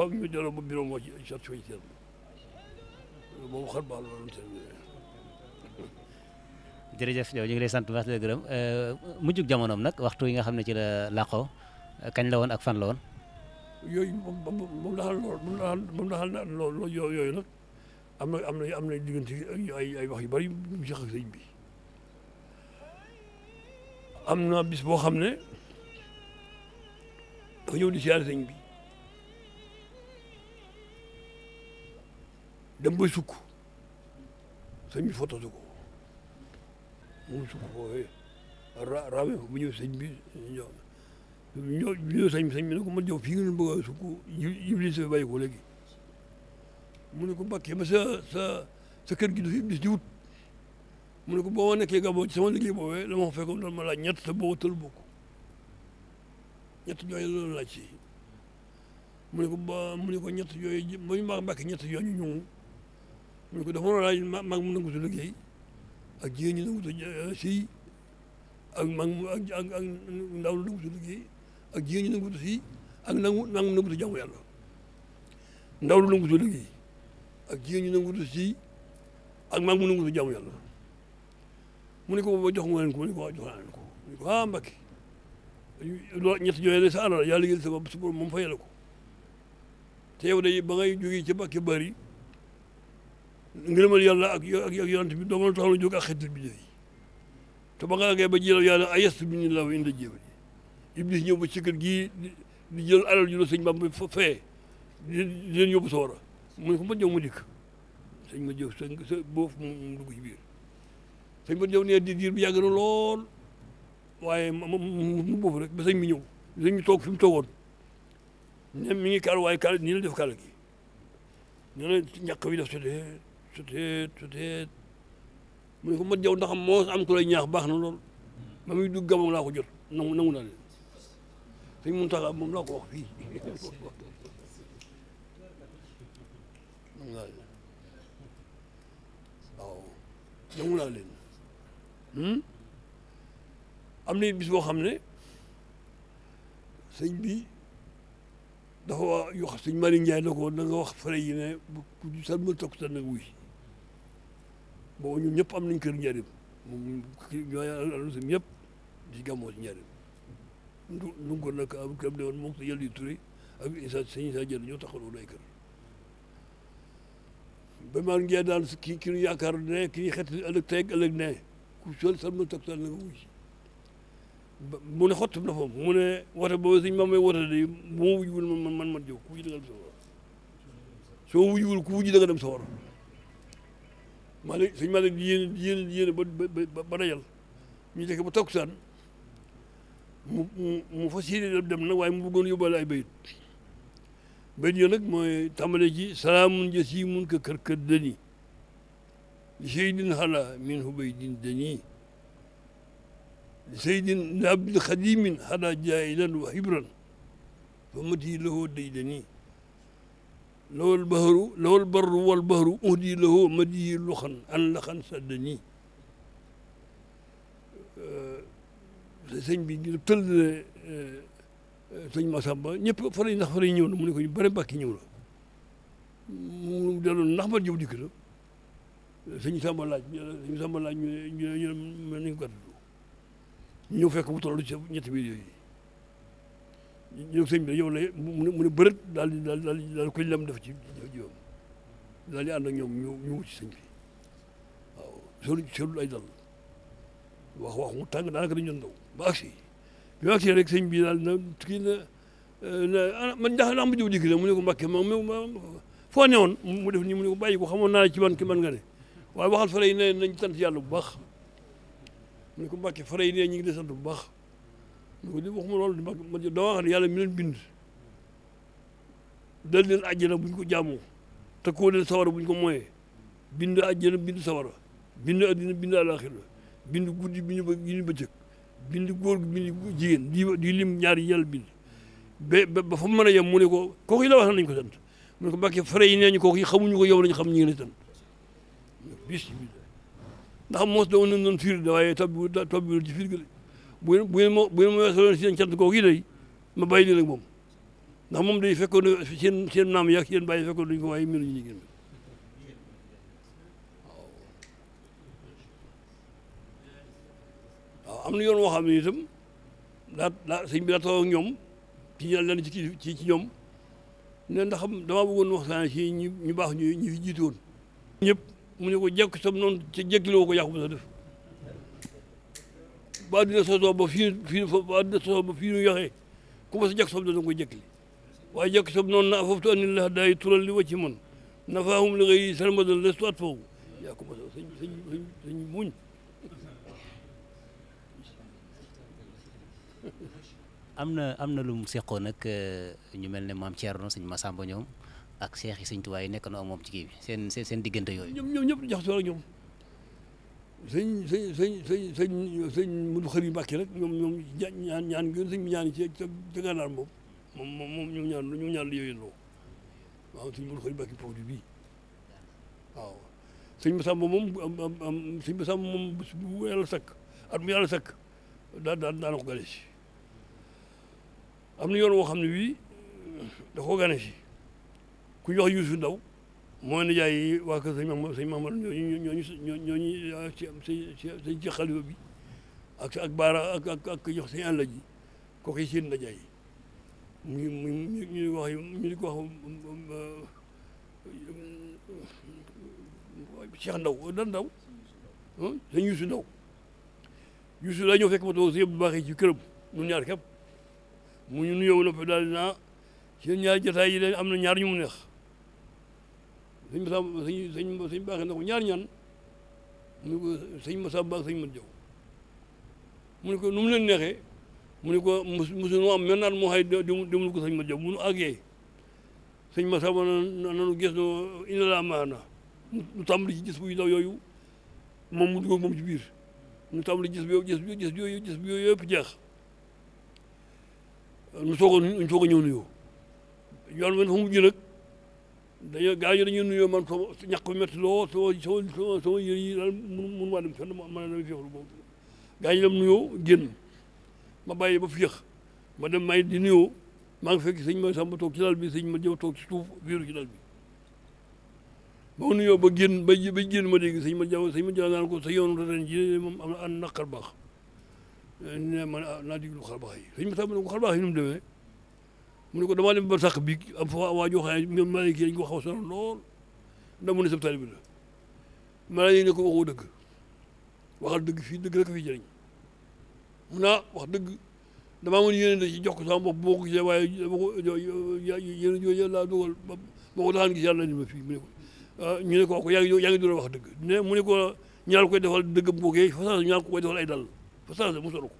ngi lay sant bu baax di la euh, nag waxtu yi nga xam ne ci la làqoo kañ lawon ak fan la yooyu moom moom moom la xam lool yooyu nag. am na am na am na diggante ay ay wax yu bari yu jeex ak sëñ bi am na bis boo xam ne dafa ñëw di siyaare sëñ bi dem sukk sëñ bi fotosu ko mu sukk foofee eh, raame bu ñëw sëñ bi ñëw ñëw sëñ bi sëñ bi ne ko ma jow fii nga bëgg a sukk yi yi ko léegi mu ne ko Mbàkke ma sa sa sa kër gi du fi iblis di wut mu ne ko boo ma nekkee gaboo ci sama liggéey boobee la ma fa fekkoon ma laaj ñett te boobu tël bokk ñett jooyu loolu laaj si mu ne ko mu ne ko ñett jooyu ba ñu mbaa Mbàkke ñett jooyu ñu mu ko dafa laaj ma mag mu nangu si liggéey ak jigéen ñi nangu si eh, si ak mag ak ndaw lu nangu si liggéey ak jigéen ñi nangu si ak nangu na nangu si jaamu yàlla ndaw lu nangu si liggéey ak jigéen ñu nangutu si ak mag mu nangutu jaamu yàlla mu ne ko booba jox nga leen ko mu ko waa jox naa leen ko mu ne ko ah Mbacke loo yàlla liggéeyal sa bopp su borom moom ko te yow ba ngay jógee ci Mbacke bari ngërëmal yàlla ak ak ak yonent bi doomu la taxaw ba nga yàlla ayastu bi ni iblis ñëw ba ci kër gii di jël alal ju la sëñ Bamba fee di leen yóbbu sawara mu ne fa ma jëw mu dikk sëñ ma jëw sa sa boof mu dugg ci biir sëñ ma jëw nee di diir bi yàgg na lool waaye mu boof rek ba sëñ mi ñëw sëñ mi toog fi mu toogoon ne mi ngi kaal waaye kaal nii la def kaal gi nee na ñàkk wi def soteet soteet soteet mu ne ko ma jëw ndax moo am ku ñaax baax na lool ba muy dugg gabam laa ko jot nangu nangu naa leen sëñ Muntaxa moom laa ko fii wallaay waaw nangu leen hmm? am na bis boo xam ne sëñ bi dafa wax yoo xam sëñ Malick Ndiaye na wax fële yi ne ku du sal ma toog sal nag wuy boobu ñun ñëpp am nañ kër njëriñ moom ñooy alhamdulilah ñëpp di gàmmoo si am kër am na woon moom si yàlla di turé ak isa sëñ Isa Dieng ñoo taxawal woon ay kër. ba maa ngi daal kii ki ñu yaakaar ne ki ñuy xeeti ëllëg tey ëllëg ne ku sol sal ma toog sal na nga wuy mu ne xottu na foofu mu ne woote boobu suñ maam de bu ma wujjul man man man jow ku wuj da nga dem sawar soo wujjul ku wujj da nga dem sawar maa léegi suñ maa léegi yéen ba ba ba dajal ba toog mu mu mu dem na waaye mu bëggoon yóbbaale ay bayit bët ya nag mooy tàmbale ji salaamun jasiimun ka kër-kër dëni li seydin xala min hubay din li seydin li abdil xadimin xala jaayilan wa hibran fa mati lahoo day dani lawal baharu lawal barru wal baharu uhdi lahoo madiyi an laxan sa dani sëñ bi ñu tëll sëñ Masamba ñëpp fa lay ndax fa lay ñëw na mu ne ko ñu bëri mbàkki ñëw na mu dellu ndax ma jiw dikk na sëñ Samba laaj sëñ Samba laaj ñu ñu fekk mu toll ci ñetti biir yooyu ñëw sëñ bi yow la bërët daal di daal daal daal koy lem ci jiwam daal di ñu ñu wut ci sëñ bi waaw seetlu seetlu ay dal wax wax mu tàng daanaka bi ma agsee rek sëñ bi daal na kii na eh, ah, man ndax lamb jiw dikk na mu ne ko Mbàkke ma ma woon mu def nii mu ne ko bàyyi ko xamoon naa ci ban ki man nga ne waaye waxal fara yi ne nañ sant yàlla bu baax mu ko Mbàkke fara yi ne ñu ngi di sant bu baax mu ne ko waxuma loolu di Mbàkke man dama wax ne yàlla mi leen bind dal leen ko jaamoo te koo sawar sawara ko moyee bind àjjana bind sawara bind addina bind àlaxira bind guddi bind ba ñu bind góor bind jigéen di di lim ñaari yàlla bind ba ba fa mu mën a yem mu ne ko kooku yi la wax nañ ko sant mu ne ko mbàkke frais yi nee ñu kooku yi xamuñu ko yow lañ xam ñu ngi lay sant bis ndax mos doon nañ doon fiir waaye topp bi topp bi bu bu ngeen ma bu ma yi day ma bàyyi leen ak moom ndax moom day fekkoon seen seen naam yaag seen bàyyi fekkoon dañ ko waaye mbiruñu ñu génn am na yoon woo xam ne itam daa daa sëñ bi daa toog ak ñoom ci ñu leen ci ci ñoom ne ndax damaa bëggoon waxtaan ci ñu ñu baax ñu ñu fi jiitu mu ne ko jekk itam noonu ca jekkiloo ko yàqu sa def ba àddina sosoo ba fii fii ba àddina sosoo ba fii ñu yoxee ku ma sa jekk sob da na foofu tu a la day tural li wa ci man nafaahum li ngay salmadal lestu at foofu muñ am na am na lu mu seqoon nag euh, ñu mel ne maam Thierno sëñ Massamba ñoom ak seex yi sëñ Tuubaa nekk na moom ci kii bi seen seen diggante yooyu. ñoom ñoom ñëpp jaxasoo ak ñoom sëñ sëñ sëñ sëñ sëñ sëñ Mudu Xari Mbàkke rek ñaan moom moom moom moom ñoom ñaan ñoom yooyu loo waaw sëñ Mudu Xari Mbàkke produit bii waaw sëñ moom am am moom bu yàlla sakk at mu yàlla daan daan daana ko am na yoon woo xam ne wii da koo gane si ku ñu wax Ndaw mooy ne jaay waa kër sëñ Mamadou sëñ Mamadou ñooñu ñooñu ñooñu ci ci ci ci xalifa bi ak ak baara ak ak ak jox sëñ àll ji kooku yi seen ndaje yi ñu ñu ñu wax ñu di uh, ko Ndaw dan Ndaw sëñ Yuusu Ndaw Yuusu daa ñëw fekk ma toog sëñ Abdou Baaxee ci këram ñun ñaar képp mu ñu nuyoo la fa daal di naa seen ñaari yi de am na ñaar ñu mu neex sëñ Moussa sëñ sëñ Baaxe na ko ñaar ñaan mu ne ko sëñ Moussa Ba ak sëñ Mat mu ne ko nu mu leen neexee mu ne ko mosu noo am menn at moo xay demul ko sëñ mu nu àggee sëñ Moussa Ba nanu gis no ina laa maana nu tàmbali ci gis daw yooyu moom mu dugg moom ci biir nu tàmbali gis bi gis bi gis bi yëpp jeex ñu soog a ñu soog a ñëw nuyoo yoon wi dafa mujj nag dañoo gars yi dañuy nuyoo man sama ñàkk bi métti loo sama sama sama yére yi daal mun mun waa dem fenn ma ne la féexlu moom gars yi dem nuyoo génn ma bàyyi ba féex ma dem may di nuyoo maa ngi fekk sëñ ma sàmm toog ci dal bi sëñ ma jëm toog ci suuf biiru ci dal bi ba nuyoo ba génn ba ba génn ma dégg sëñ ma jaww sëñ ma jaww naan ko sa yoonu ren ji moom am na naqar baax ne man ah naa diglu xar baax yi sëñ mu ne ko xar baax yi nu mu ne ko dama dem ba sàq bi am fa waa joo xam ne maa ngi kii ko xaw a sonal lool ndax mu ne sab taalibe la maa ko waxoo waxal dëgg fii dëgg rek fii jëriñ mu ah wax dëgg damaa mën yéene ci jox ko sama bopp boo ko gisee waaye dama ko yéene jooju laa dogal ba boo ko daan gis yàlla ni ma fii mu ko ah ñu ne ko yaa ngi yaa ngi wax dëgg ne mu ne ko ñaar koy defal dëgg boogee façon ñaar koy defal ay dal ko changé mosalu ko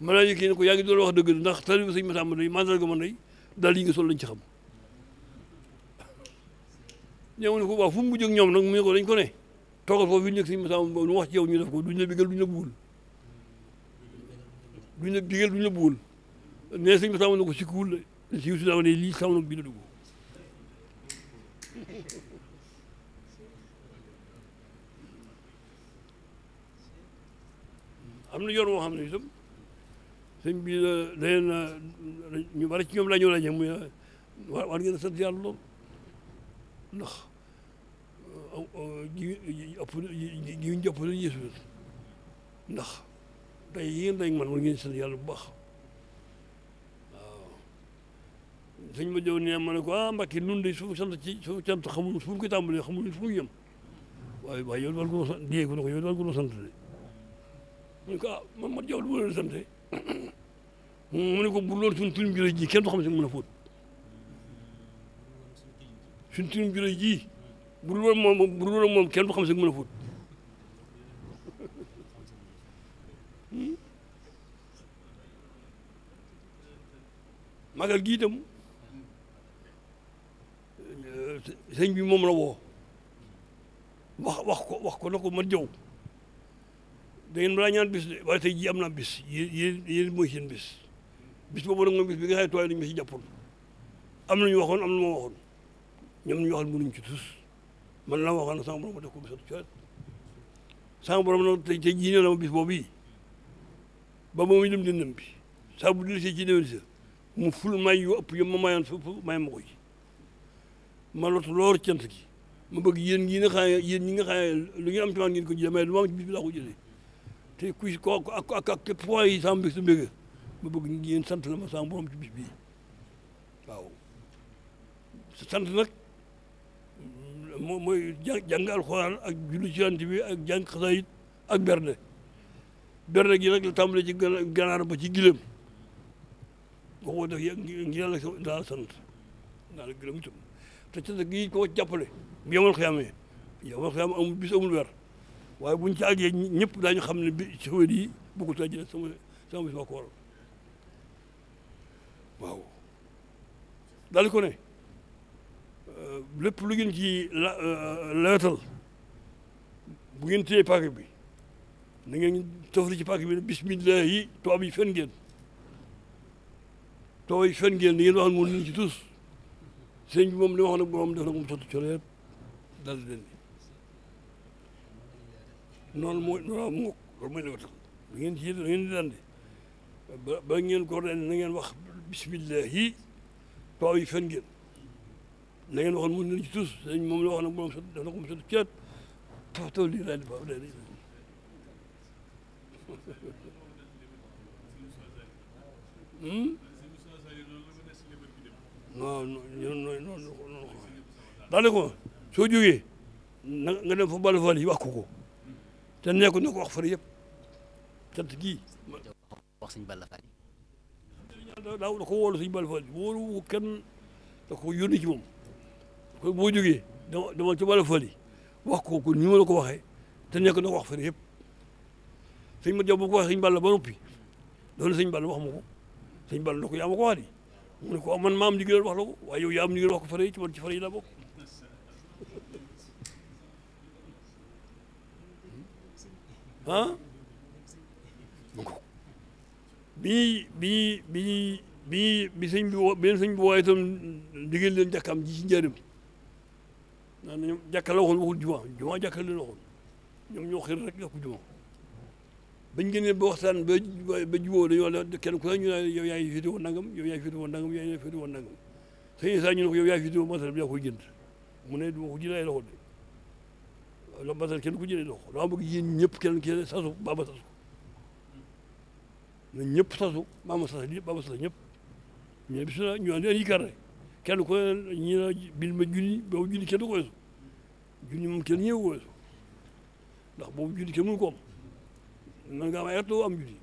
malaayika yi ne ko yaa ngi doon wax dëgg ndax tali bi sëñ Massamba day mandarga ma nay daal yi nga sol lañ xam ñëw ne ko waaw fu mu mujj ak ñoom nag ko dañ ko ne toogal foofu yi nekk sëñ Massamba lu wax ci yow ñu def ko duñ bigal duñ la bugal bigal duñ la ne sëñ Massamba ne ko sikkuwul si si daaw ne lii sàmm bi la am na yoon woo xam ne itam sëñ bi dañu euh, na ci ñoom la ñu raje muy euh, war war ngeen a sant yàlla ndax euh, ji ëpp jiñ jëpp na yeesu ndax tey yéen dañ man war ngeen sant yàlla bu baax waaw sëñ ma jow ne ma ne ko ah Mbacke nun de suñu sant ci suñu sant xamul fu mu ko tàmbalee xamul fu mu yem waaye waaye yow war gunoo sant dégg na ko yow war gunoo sant de ñu ne ko ah Mamadou Diaw lu ma leen ko bu loolu suñu turum juré ji kenn du xam si mën a fóot suñu turum ji bu loolu moom bu loolu moom kenn du xam si mën a hmm? magal gi itam euh, sëñ bi moom la woo wax wax ko wax ko na ko ma jëw da ngeen ñaan bis de waaye tey jii am naa bis yéen yéen mooy bis bis boobu nag moom bis bi nga xam ne tuwaay dañu ma am na ñu waxoon am na moo waxoon ñoom ñu waxoon mënuñ ci tus man la waxoon na sama borom ma def ko bisatu coono sama borom nag tey tey jii na ma bis boobu ba moom itam dëndam bi saa bu dul see ci déwén sa mu ful may yu ëpp yom ma mayoon fu may ma ko ci ma lot ma bëgg yéen ñi nga xam yéen nga xam lu am ci maa ko jëlee bis bi laa ko jëlee te kuy kooku ak ak ak képp foo sa ma bëgg ñu yéen sant la ma sama borom ci bis bii waaw sant nag moo mooy jàng alxuraan ak julli ci yant bi ak jàng xasaayit ak berne berne gi nag la tàmbalee ci ganaar ba ci gileem waxoo def ngi yàlla sant daal gërëm itam te ci nag yi ko jàppale mu yemal xiyamee yemal xiyam amul bis amul weer waaye buñ ci àggee ñëpp daañu xam ne bi chauffeur yi bëggu ta jël sama sama ma ko waral waaw daal ko ne lépp lu ngeen ci lawetal bu ngeen téye paaka bi na ngeen tofli ci paaka bi ne bismillah yi tubaab yi fen ngeen tubaab yi fen geen ni ngeen waxoon moom ni ci tous sëñ bi moom li ma wax nag moom def na ko mu sotti coono noonu moo noonu mukk loolu mooy nawatal da ngeen ci da ngeen di dande ba ba ngeen ko ren na ngeen wax bismillahi toow yi fen ngeen na ngeen waxoon mun nañ ci tus sëñ moom la wax nag moom sot def na ko mu sot ceet tax taw lii rendi ba rendi non non non non daane ko soo jógee na nga dem fa bal fal yi wax ko ko te nekku ñoo ko wax fële yëpp cant gii wax sëñ Balla Fall daaw da ko woolu sëñ Balla Fall wóolu kenn da ko yónni ci yi wax ko ko ni ma la ko waxee te nekk na ko wax fële yëpp sëñ ma jow bu ko waxee sëñ Balla ba noppi loolu sëñ Balla wax ma ko sëñ Balla na ko yaa ma ko wax di mu ko man maam liggéey wax la ko yaa am liggéey wax ko fële ci man ci fële yi la bokk ah bi bi bi bi bi sëñ bi wo benn sëñ bi wooye itam digal leen jàkkaam ji ci njëriñ naan ñoom jàkka la waxoon waxul juma juma jàkka leen waxoon ñoom ñoo xir rek yokku juma bañ génnee ba waxtaan ba ba jubóo dañoo la kenn ku ne ñu naan yow yaa ngi féete woon nangam yow yaa ngi féete woon nangam yaa ngi féete woon nangam sëñ Issa ñu ne ko yow yaa ngi féete woon matal bi yaa koy jënd mu ne du ma ko jëlee loxo de loo matal kenn ku jëlee doo ko loo bëgg yéen ñëpp kenn ku jëlee sasu baama sasu ñun ñëpp sasu baama sasu ñëpp baama sasu ñëpp ñun bis na ñu andi andi carnet kenn ku ne ñi na bil ma junni boobu junni kenn du ko weesu junni moom kenn ñëw ko weesu ndax boobu junni kenn mënu ko am man ngaa am ay at doo am junni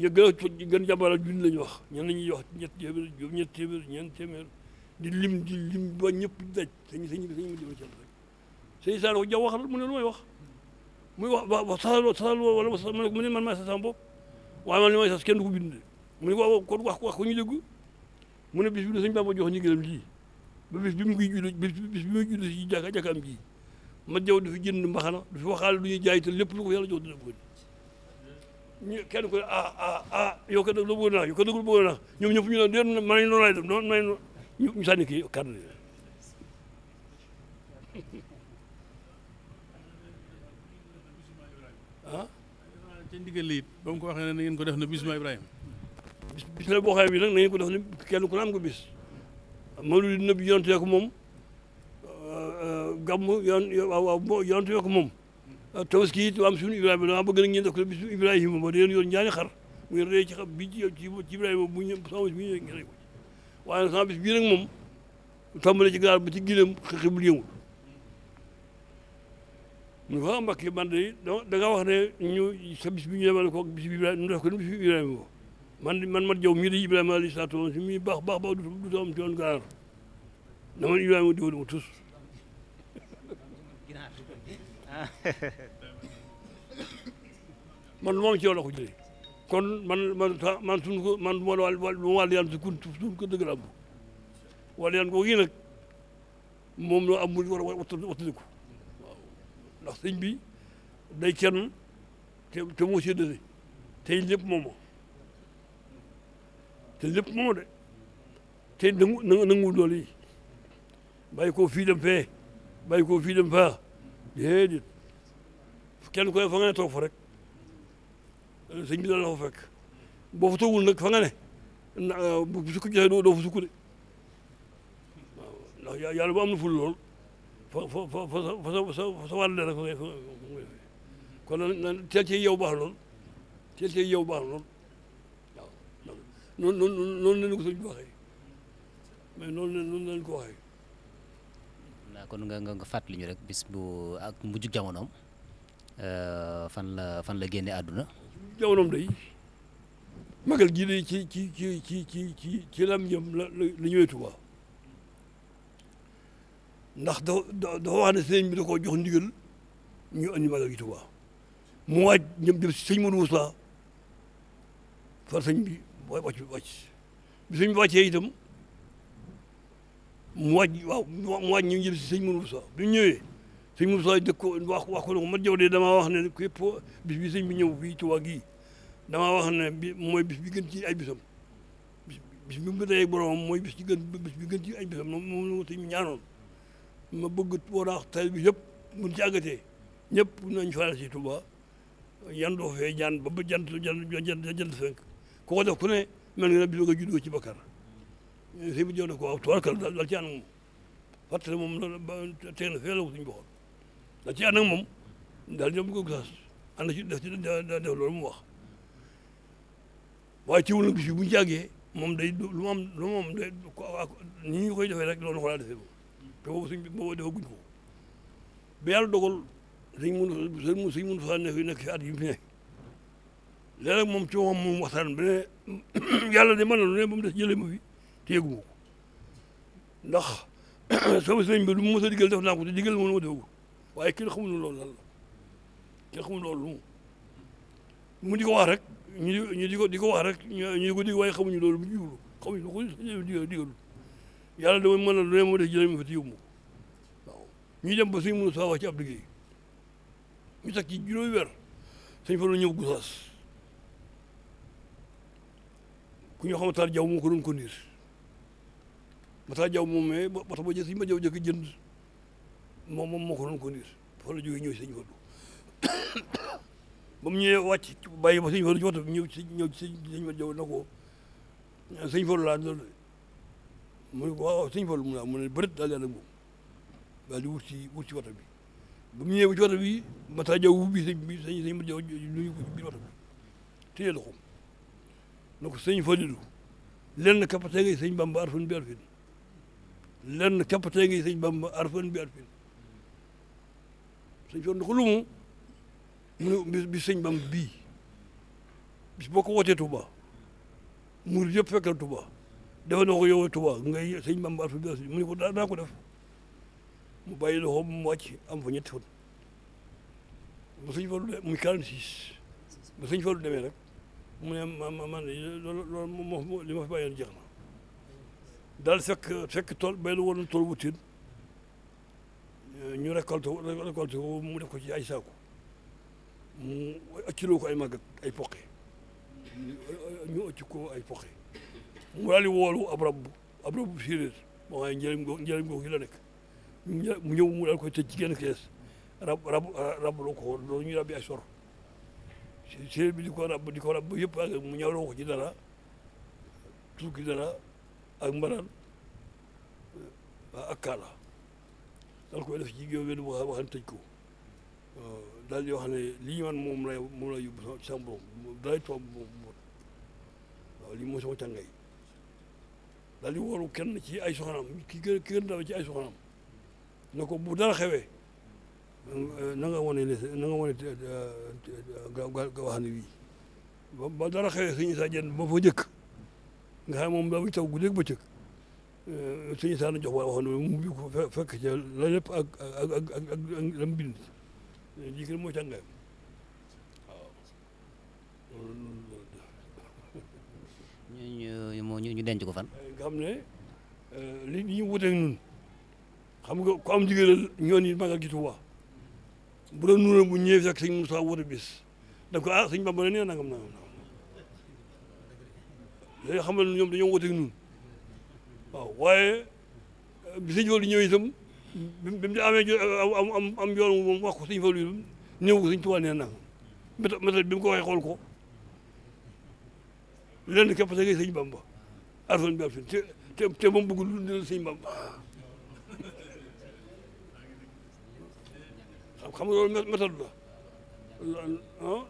ñu gën a gën jàmbaaral junni la ñu wax ñen nañuy wax ñett téeméer juróom ñett téeméer ñeent téeméer di lim di lim ba ñëpp daj sañ sañ sañ mu jëm sëñ Saliou Diaw waxal mu ne lu may wax muy wax wa sasaloo sasaloo wala mu ne man maa sasam bopp waaye man li may kenn du ko bind mu ne ko kon wax wax ko ñu dégg mu ne bis bi ne bi mu bi muy julli si jàkka jàkka am ji ma jaw du fi jënd mbaxana du fi waxaale du ñuy jaay te lépp lu ko yàlla jox kenn ku ne ah ah ah yow kat la bëggoon naa yow kat la bëggoon naa ñoom ñëpp ñu ne déet man noonu laay def noonu ci ndigal li it ba mu ko waxee ne na ngeen ko def na bisma Ibrahima. bis bis la boo xayma bi nag na ngeen ko def ne kenn ku ne am ko bis mawlid nabi yonent ko moom gàmm yoon waaw waaw yonent ko moom. tabaski it am suñu Ibrahima dama bëgg nag ngeen def ko bisu Ibrahima ba di leen yoon ñaari xar mu ngeen rey ci xam bi ci ci Ibrahima bu ñu sama bis bu ñu ngeen rey ko ci waaye nag sama bis bii nag moom tàmbale ci gànnaar ba ci gileem xëy xëy bu yëngu ñu ko man de da nga wax ne ñu sa bis bi ñu demal ko bis bi Ibrahima ñu def ko ni bis bi Ibrahima ko man man man Jaw mii di Ibrahima alayhi salaatu wa salaam mii baax baax baax du ma tus man ma am ko man man man suñ ko man ma wàll wàll yaan si ko dëgg la am wàll yaan nag moom la amul war a wattandiku a sëñ bi day kenn te te moo séddale tey lépp moomo te lépp moomo de tey nangu nangu doole yi bàyyi koo fii dem fee bàyyi koo fii dem faa déedéet kenn ku ne fa nga ne toog fa rek euh, sëñ bi boo fa toogul nag fa nga ne na euh, bu sukk joxe doo fa sukk de waaw ndax yàlla bu am na ful lool fo fo fo fo fo sa wàll dara kon nag teel ci yow baax lool teel ci yow baax lool noonu la ñu ko sëñ bi waxee mais noonu la noonu la waxee. naa kon nga nga fàttali ñu rek bis bu ak mujjug jamonoom fan la fan la génne àdduna. jamonoom day magal gii day ci ci ci ci ci ci la la ñëwee Tuubaa ndax da dafa wax ne sëñ bi da koo jox ndigal ñu andi magal gi Tuubaa mu waaj ñëm jëm si sëñ Modou far sëñ bi wàcc wàcc bi sëñ bi wàccee itam mu waaj waaw mu waaj ñëm jëm si sëñ Modou bi mu ñëwee sëñ Modou Moussa dëkk ko wax wax ko ne ko man jaw de damaa wax ne képp bis bi sëñ bi ñëw fii Tuubaa gii wax ne bi mooy bis bi gën ci ay bisam bis bi mu dayee boromam mooy bis ci gën bi gën ci ay bisam moom moom la sëñ bi ñaanoon ma bëgg war a wax tali bi yëpp buñ ci àggatee ñëpp nañ faral si Touba yandoo fee jaan ba ba jant jant jant fenk ku ko def ku ne mel nga ne bi nga juddoo ci bakkar si bi jox na ko waaw tuwarkal dal ci ànd ak moom fàttali moom la teg na fee la ko suñu boxoon dal ci ànd ak moom daal di ko gisas ànd ci def ci def loolu mu wax waaye ci wàllu bis bi bu ñu jàggee moom day lu mu am lu mu am day ni ñu koy defee rek loolu xoolaa defee moom te boobu suñ boobu defaguñ ko ba yàlla dogal suñ mun suñ mun fa nekk fi nekk fi at yi mu fi nekk léeg-léeg moom ci moom moom ne yàlla de man la lu ne ba mu des jëlee ma fi te yëgu ma ndax sa sëñ bi lu mu mos a digal def naa ko te digal moom la ma defagu waaye kenn xamul loolu lan la kenn xamul loolu lu mu di ko wax rek ñu di ñu di ko di ko wax rek ñu di ko dig waaye xamuñu loolu bu ñu xamuñu lu ko digalu yàlla dama mën a lu ne moo def mu fi yóbbu waaw ñu dem ba suñ mënu saa wax ci ab liggéey ñu teg ci juróomi weer suñ fa doon ñëw Gosaas ku ñu xam Matar Jaw moo ko doon conduire Matar Jaw moom mais ba tax ba jë suñu ma jaw jëkk jënd moom moom moo ko doon conduire fa la jógee ñëw si sëñ Fallu ba mu ñëwee wàcc ba sëñ Fallu ci woto bi ñëw ci ñëw ci sëñ ma jaw na ko sëñ Fallu mu ne ko waaw sëñ Fallu ah, mu ne bërët daal di ànd ak moom daal wata bi ba mu ñëwee ci wata bi Mata Jaw bi sëñ bi sëñ sëñ Mata Jaw nuyu ko ci biir wata bi téye loxoom na ko sëñ Fallu lenn kapatee ngay sëñ Bamba arfan bi arfin lenn kapatee ngay sëñ Bamba arfan bi arfin sëñ Fallu na ko lu mu mu ne bi sëñ Bamba bii bis boo ko wootee Touba murid yëpp fekkal Touba defe naa ko yow Touba mu ne ko daa ko def mu bàyyi loxo mu wàcc am fa ñetti fan ba sëñ Fallou demee rek mu ne ma man li ma fi bàyyoon jeex na daal fekk fekk tool bay lu woon tool bu ñu récolté récolté ko mu def ko ci ay saako mu acciloo ko ay màggat ay poqe ñu acci ko ay poqe nguraali woolu ab rab ab rab bu séeréer moo waaye njëriñ googu njëriñ googu gi la nekk mu ñëw mu daal koy tëj ci genn kees rab rab rab loo ko loolu ñuy rabbi ay sor séeréer bi di ko rab di ko rab yëpp ak mu ñaw loo ko ci dara turki dara ak mbaran ak kaala daal koy def ci yow wenn wax waxan tëj ko daal di wax ne lii man moom la moom la yóbbu sama borom daal di toog moom waaw lii mooy sama càngay daal di kenn ci ay soxnaam ki gën ki gën dawe ci ay soxnaam ne ko bu dara xewe na nga wane na nga wane wax ne wii ba dara xewee suñu saa jenn ba fa nga xam moom daa buy taw guddeeg bëccëg eh, suñu saa na jox wa waxoon mu bi ko fekk ca la lépp ak ak bind jikir moo càngaayam waaw ñu ñu den ko fan nga xam ne euh, li ñu wuteeg ñun xam nga ku am ndigalal ñoon yi magal gi Tuuba bu doon nuuna bu ñëwee fekk sëñ Moussa woote bis da ko ah sëñ Bamba la nee nangam nangam nangam léegi xam ne ñoom dañoo wuteeg ñun waaw waaye euh, bi sëñ Fallu ñëwee itam bi mu amee am am am yoon moom wax ko sëñ Fallu itam ñëw ko sëñ Tuuba nee nangam méthode bi mu ko waxee xool ko lenn képp da ngay sëñ Bamba arfan bi arfan te te te moom bëggul lu dul sëñ Bamba xam xam nga loolu méthode la ah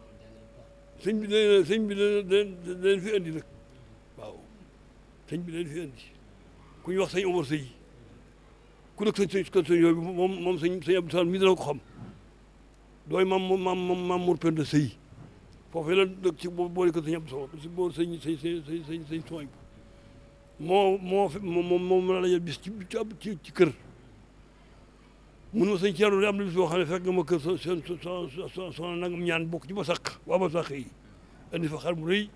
sëñ bi dana sëñ bi dana dana fi andi nag waaw sëñ bi dana fi andi ku ñu wax sëñ Omar Sëy ku nekk sëñ sëñ sëñ yooyu moom moom sëñ sëñ Abdou Sall mii dana ko xam dooy maam maam maam maam Mor Penda Sëy foofee la dëkk ci boori ko sëñ Abdou Sall parce que boo sëñ sëñ sëñ sëñ sëñ moo moo fi moom moom la dajal bis ci ci ci kër mun ma sëñ Thierno de am na bis boo xam ne fekk nga ma kër so a so so nangam ñaan bokk ci ba sàq waa ba sàq yi indi fa xar mu rëy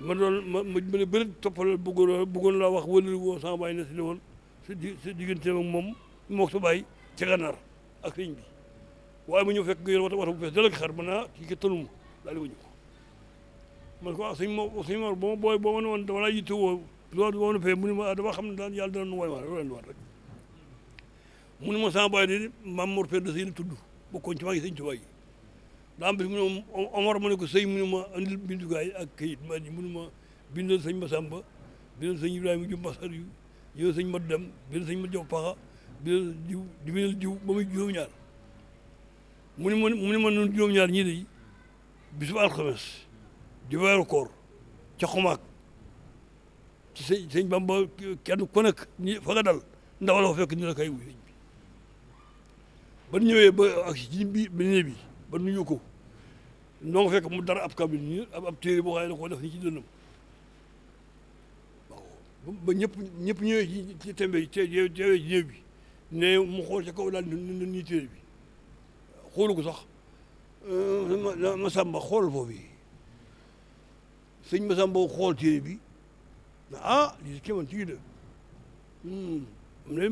ma doon ma ma ma ne bëri toppal bëggoon bëggoon laa wax wëlal woo sama bàyyi na si ne woon sa di sa moom mook sa bàyyi ca ak sëñ bi waaye ma ñëw fekk nga yor wata wata bu fees dalak xar mën naa ah kii ka tënum man ko ah, suñ mo suñ mor boo booy boo ma ne woon dama laa yitte woo loolu boo na fee mu ne ma ah, dama xam ne daal yàlla dana nu wooy waat leen waat rek mu ne ma sama baay di maam mor fee da sëy la tudd bokkoon ci maa ngi sëñ Tuubaa yi daa bis mu ne Omar ma ne ko sëy mu ne ma andil bindukaay ak këyit ma mu ne ma bindal sëñ Masamba bindal sëñ Ibrahima Diop Masar yu bindal sëñ Mat Dem bindal sëñ Mat Diop Paxa bindal jiw di bindal jiw ba muy juróom-ñaar mu ne ma mu ne ma noonu juróom-ñaar ñii day bisu alxames di weeru koor ca xumaag ci sëñ sëñ Bamba kenn ku nekk ñi fa nga dal la fa fekk ñu la kay ba ñëwee ba ak ci bi beneen bi ba nuyu ko noo mu dara ab kabil nii ab ab téere boo xam ne da ni ci dënnam ñëpp ñëpp ñëwee ci bi ne mu xool ca kaw laal ni téere bi xoolu ko sax ma sàmba xool foofu yi sëñ Masamba xool téere bi na ah lii si kéemaan tii de léegi hmm,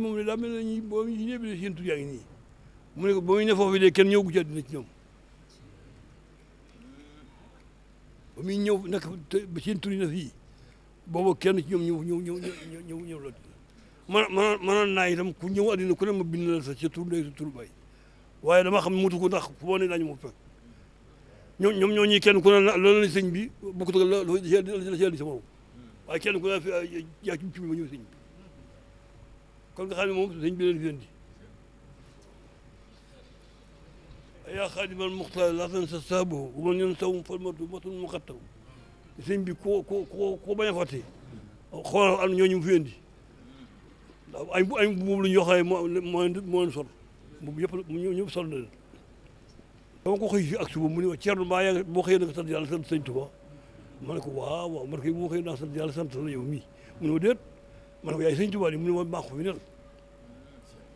moom daa mel ne ñi boo ñu ñëwee ba seen tur yaa ngi nii mu ne ko ba muy ne foofu de kenn ñëwagu ci àddina ci ñoom ba muy ñëw nag ba seen tur yi na fii boobu kenn ci ñoom ñëw ñëw ñëw ñëw ñëw ñëw la ma ma mënoon naa itam ku ñëw àddina ku ne ma bind la sa sa tur ndey sa tur bay waaye dama xam ne mutu ko ndax fu ma ne daañu ma fekk ñoom ñoom ñoo ñuy kenn ku ne loolu la bi bokkut ak la la la si moom waaye bi kon nga xam ne moom sëñ bi leen fi indi yaa xaadimal muxtaar laasan sa saabo man ñun sawum falmatu matun mu xattaw sëñ bi koo ko ko koo bañ a fàtte xoolal mu fi indi ay ay mbubb lu ñu joxee moo moo leen sol mbubb yëpp dama ko xëy si ak suba mu ne ma Thierno mbaa yaa boo xëyee na nga sant yàlla sant sëñ Tuba ma ne ko waaw waaw man kay boo xëyee naa sant yàlla sant la yow mii mu ne ma déet ma ne ko yaay sëñ Tuba mu ne ma maa ko fi nel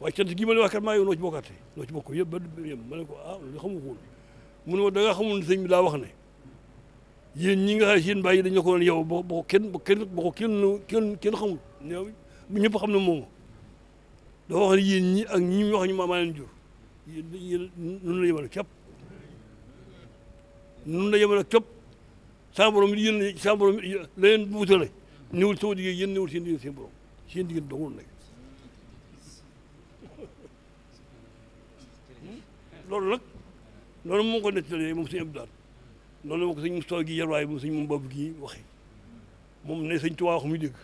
waaye cant gii ma ne wax kat maa yow noo ci bokkaate noo ci bokk yëpp ba yëpp ma ne ko ah loolu xamu ko woon mu ne ma da nga xamul ne sëñ bi daa wax ne yéen ñi nga xam ne seen bàyyi dañ la ko woon yow boo ko kenn boo ko kenn kenn kenn xamul ñoom ñëpp xam ne moom dafa wax ne yéen ñi ak ñi wax ñu maa maa leen jur yéen yéen noonu la yemale képp nun la yemale képp saa borom yéen la saa borom la yéen wutale ñëwul sama digg yéen ñëwul seen digg seen borom seen digg doxul nag hmm? loolu nag loolu moo ko nettalee moom sëñ Abdou Lahad loolu moo ko sëñ Moustapha gi yarwaay moom sëñ moom boobu gi waxee moom ne sëñ wax muy dégg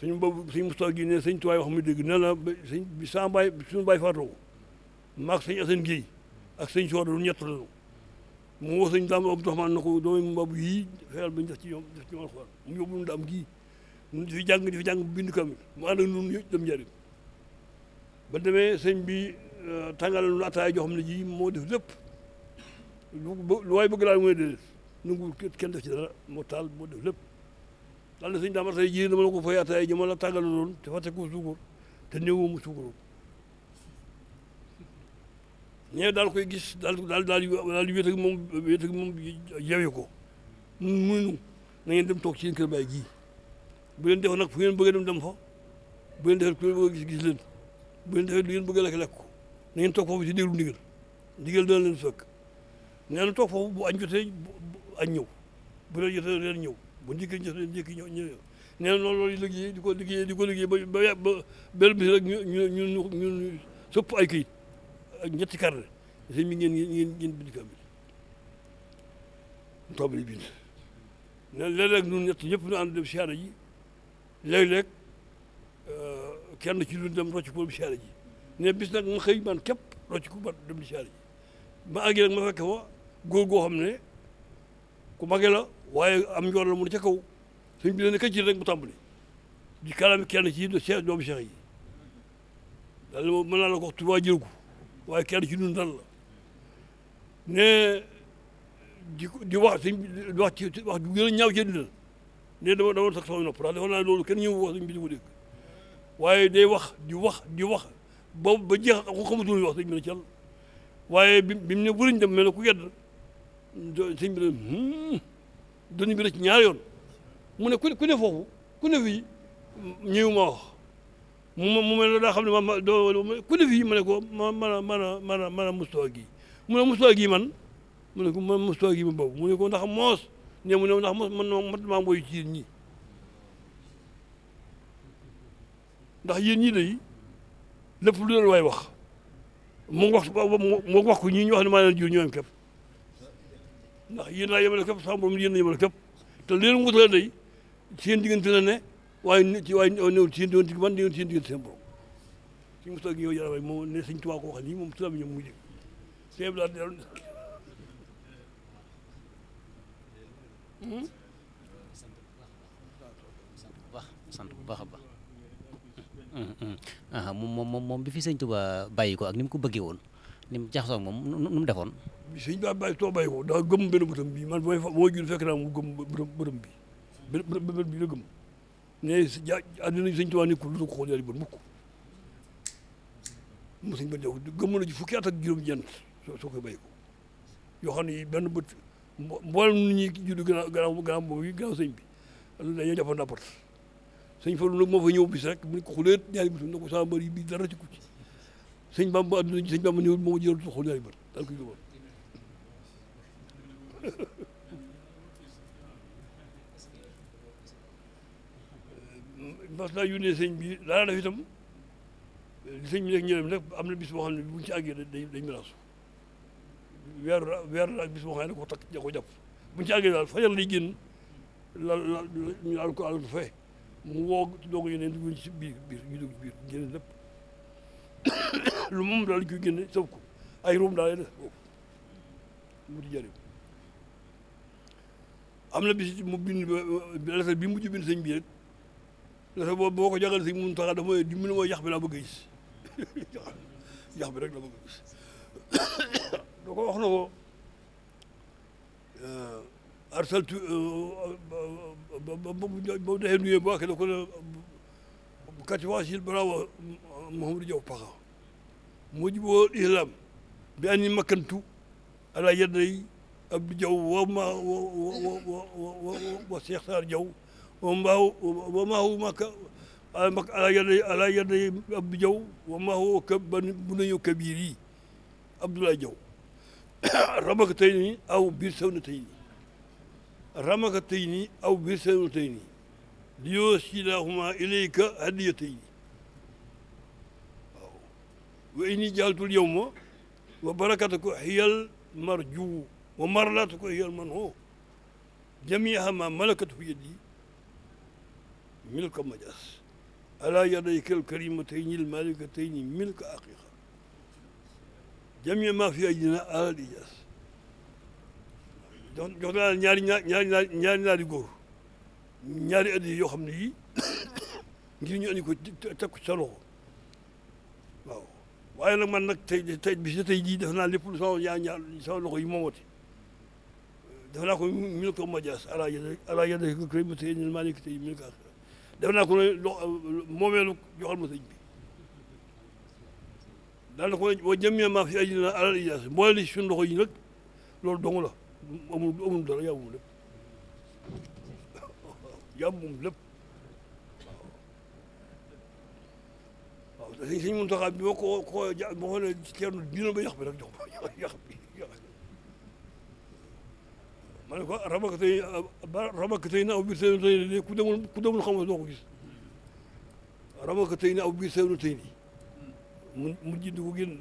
sëñ boobu sëñ gi ne sëñ Tuubaa wax muy dégg ne la sëñ bi saa baay suñu baay faatoo maag sëñ Assane ak sëñ sooda lu ñett la mu woo sëñ daam Abdourahmane na ko doomi mbabu yii fexeel bañ def ci ñoom def ci ñoom alxuraan mu yóbbu nu daam gii ñun di fi bind kamil mu ànd ak ñun ñu dem njëriñ ba bi euh, tàngal nu ataay joo xam ne moo def lépp lu waay bëgg daal mooy déedéet nangu kenn def ci dara moo taal moo def lépp daal ne sëñ daam ataay ji dama la ko fay ataay ji ma la tàngal loon te fàtte ko suukar te néewu mu suukar ñee daal koy gis daal daal daal daal wéet ak moom wéet ak moom jawe ko munu na ngeen dem toog ci seen ba baay gii bu leen defoon nag fu ngeen bëggee dem dem fa bu leen defee ku leen bëgg gis gis leen bu leen defee lu ngeen bëgg lekk lekk ko na ngeen toog foofu ci déglu ndigal ndigal dana leen fekk nee na toog foofu bu añ jotee añ ñëw bu leen jotee leen ñëw bu njëkk jotee njëkk ñëw ñëw nee na loolu loolu liggéey di ko liggéey di ko liggéey ba ba benn bis rek ñu ñu ñu ñu ak ñetti carnet sëñ bi ngeen ngeen ngeen bind kaamil tàmbali bind ne léeg-léeg ñun ñett ñëpp ñu ànd dem siyaare ji léeg-léeg euh, kenn ci lu dem rocc ko dem siyaare ji ne bis nag ma xëy man képp rocc ko ba dem di siyaare ji ma ma fekk fa góor goo xam ne ku mage la waaye am njoor la mu ne ca kaw sëñ bi ne ka ci rek mu tàmbali di kàllaami kenn ci doomu Cheikh yi daal mën naa la ko waaye kenn ci ñun lan la ne di wax suñ di wax ci wax bu gën a ñaaw ci àddina ne dama dama sax sama nopp loolu kenn ñëw wax suñ bi di ko dégg waaye day wax di wax di wax ba ba jeex ko xamatul wax suñ bi waaye bi bi mu ne wëriñ dem mel ne ku yedd sëñ bi ne hmm, doon ñaari yoon mu ne ku ne ku ne foofu ku ne fii ma wax mu mu mel ne daa xam ne ma ma doo ku ne fii ma ne ko ma ma ma ma ma ma gi mu ne mustoo gi man mu ne ko ma mustoo gi ma boobu mu ne ko ndax moos ne mu ne ndax moos man moom mat maa mooy ci yéen ñi ndax yéen ñi day lépp lu leen waay wax mu wax mu wax ko ñii ñu wax ne maa leen jur ñoom képp ndax yéen laa yemale képp sama borom yéen la yemale képp te leen wutale day seen diggante la ne waaye nit waaye néewul seen doon ci man néewul seen diggante seen borom si mos a ñëw yàlla moom ne sëñ Tuubaa ko wax nii moom su am ñoom muy dégg sëñ laa dellu hmm? sant bu baax a baax ah moom moom moom bi fi sëñ Tuubaa bàyyi ko ak ni mu ko bëggee woon ni mu jaxasoo ak moom nu mu defoon. sëñ Tuubaa bàyyi too bàyyi ko daa gëm benn bëtam bi man booy fa boo jul fekk naa mu gëm bëtam bi benn bëtam bi la gëm. ne ja àdduna yi sëñ Tuubaa ne ku lu ko xool yaari bët mukk mu sëñ ba dew gëmm na ji fukki at ak juróom soo koy bàyyi ko yoo xam ne benn bët mboolem nit ñi juddu gannaaw gannaaw gannaaw moom yi gannaaw sëñ bi dañoo jàppoon na appart sëñ Fallu nag moo fa ñëw bis rek mu ne ko xuleet ñaari bët na ko saa bi dara ci ku ci sëñ Bamba àdduna ji sëñ Bamba néew mooma jëral xool yaari bët daal ko jógoon mas naa yónnee sëñ bi daanaa def itam li sëñ bi nekk njëriñ nag am na bis boo xam ne buñ ci àggee dañ dañ miraasu weeru weeru ak bis boo xam ne da ko takk da ko jàpp buñ ci àggee daal fajar lay génn la la ñu laal ko àll bu fee mu woo doog yeneen dugg ci biir biir ñu dugg ci biir génne lépp lu moom daal di koy génne saf ko ay ruum daal di def foofu mu di jëriñ am na bis mu bind lettre bi mujj bind sëñ bi rek leçon boobu boo ko si mun taxa dafa may di munu mooy yax bi laa bëgg a gis yax bi rek la bëgg a gis doo ko wax na ko arsaltu ba defee nuyee bu waxe da ko ne kati wasil bravo Mouhamadou Diaw Paxa islam bi anni makkantu ala yaday Abdou Diaw wa ma wa wa ma huwa ala yadi Abdou Diaw wa ma kabiri Abdoulaye Diaw ramaka aw biir sew aw biir sew na tey nii liyoo silahuma ilayka hadiya barakatako xiyal marjuu wa marlatako xiyal man jamiha ma malakatu yadi ملك مجاز على يديك الكريمتين المالكتين ملك حقيقة جميع ما في أيدينا على الإجاز jox jox naa ñaari ñaari ñaari ñaari ñaari góor yoo xam ne yii ngir ñu ani ko teg ko sa waaye nag man nag tey tey bis tey jii def naa lépp lu sama ñaar ñaar sama loxo yi moomati def naa ko mil ko majaas ala yada ala yada ko krémate nil maa def naa ko ne moomeelu joxal ma sëñ bi daana ko wa jëmee maa fi ajina alal ijaas mooy li suñu loxo yi nag loolu dong la amul amul dara yaa moom lépp yaa moom lépp waaw sëñ Muntaxa bi ma ko ko ja ma ko ne ba yàq rek jox ma ma ne ko rabakata yi rabakata yi na aw biir seen tey nii ku demul ku demul xam gis rabakata yi na biir seen tey nii mu mu jind ko génn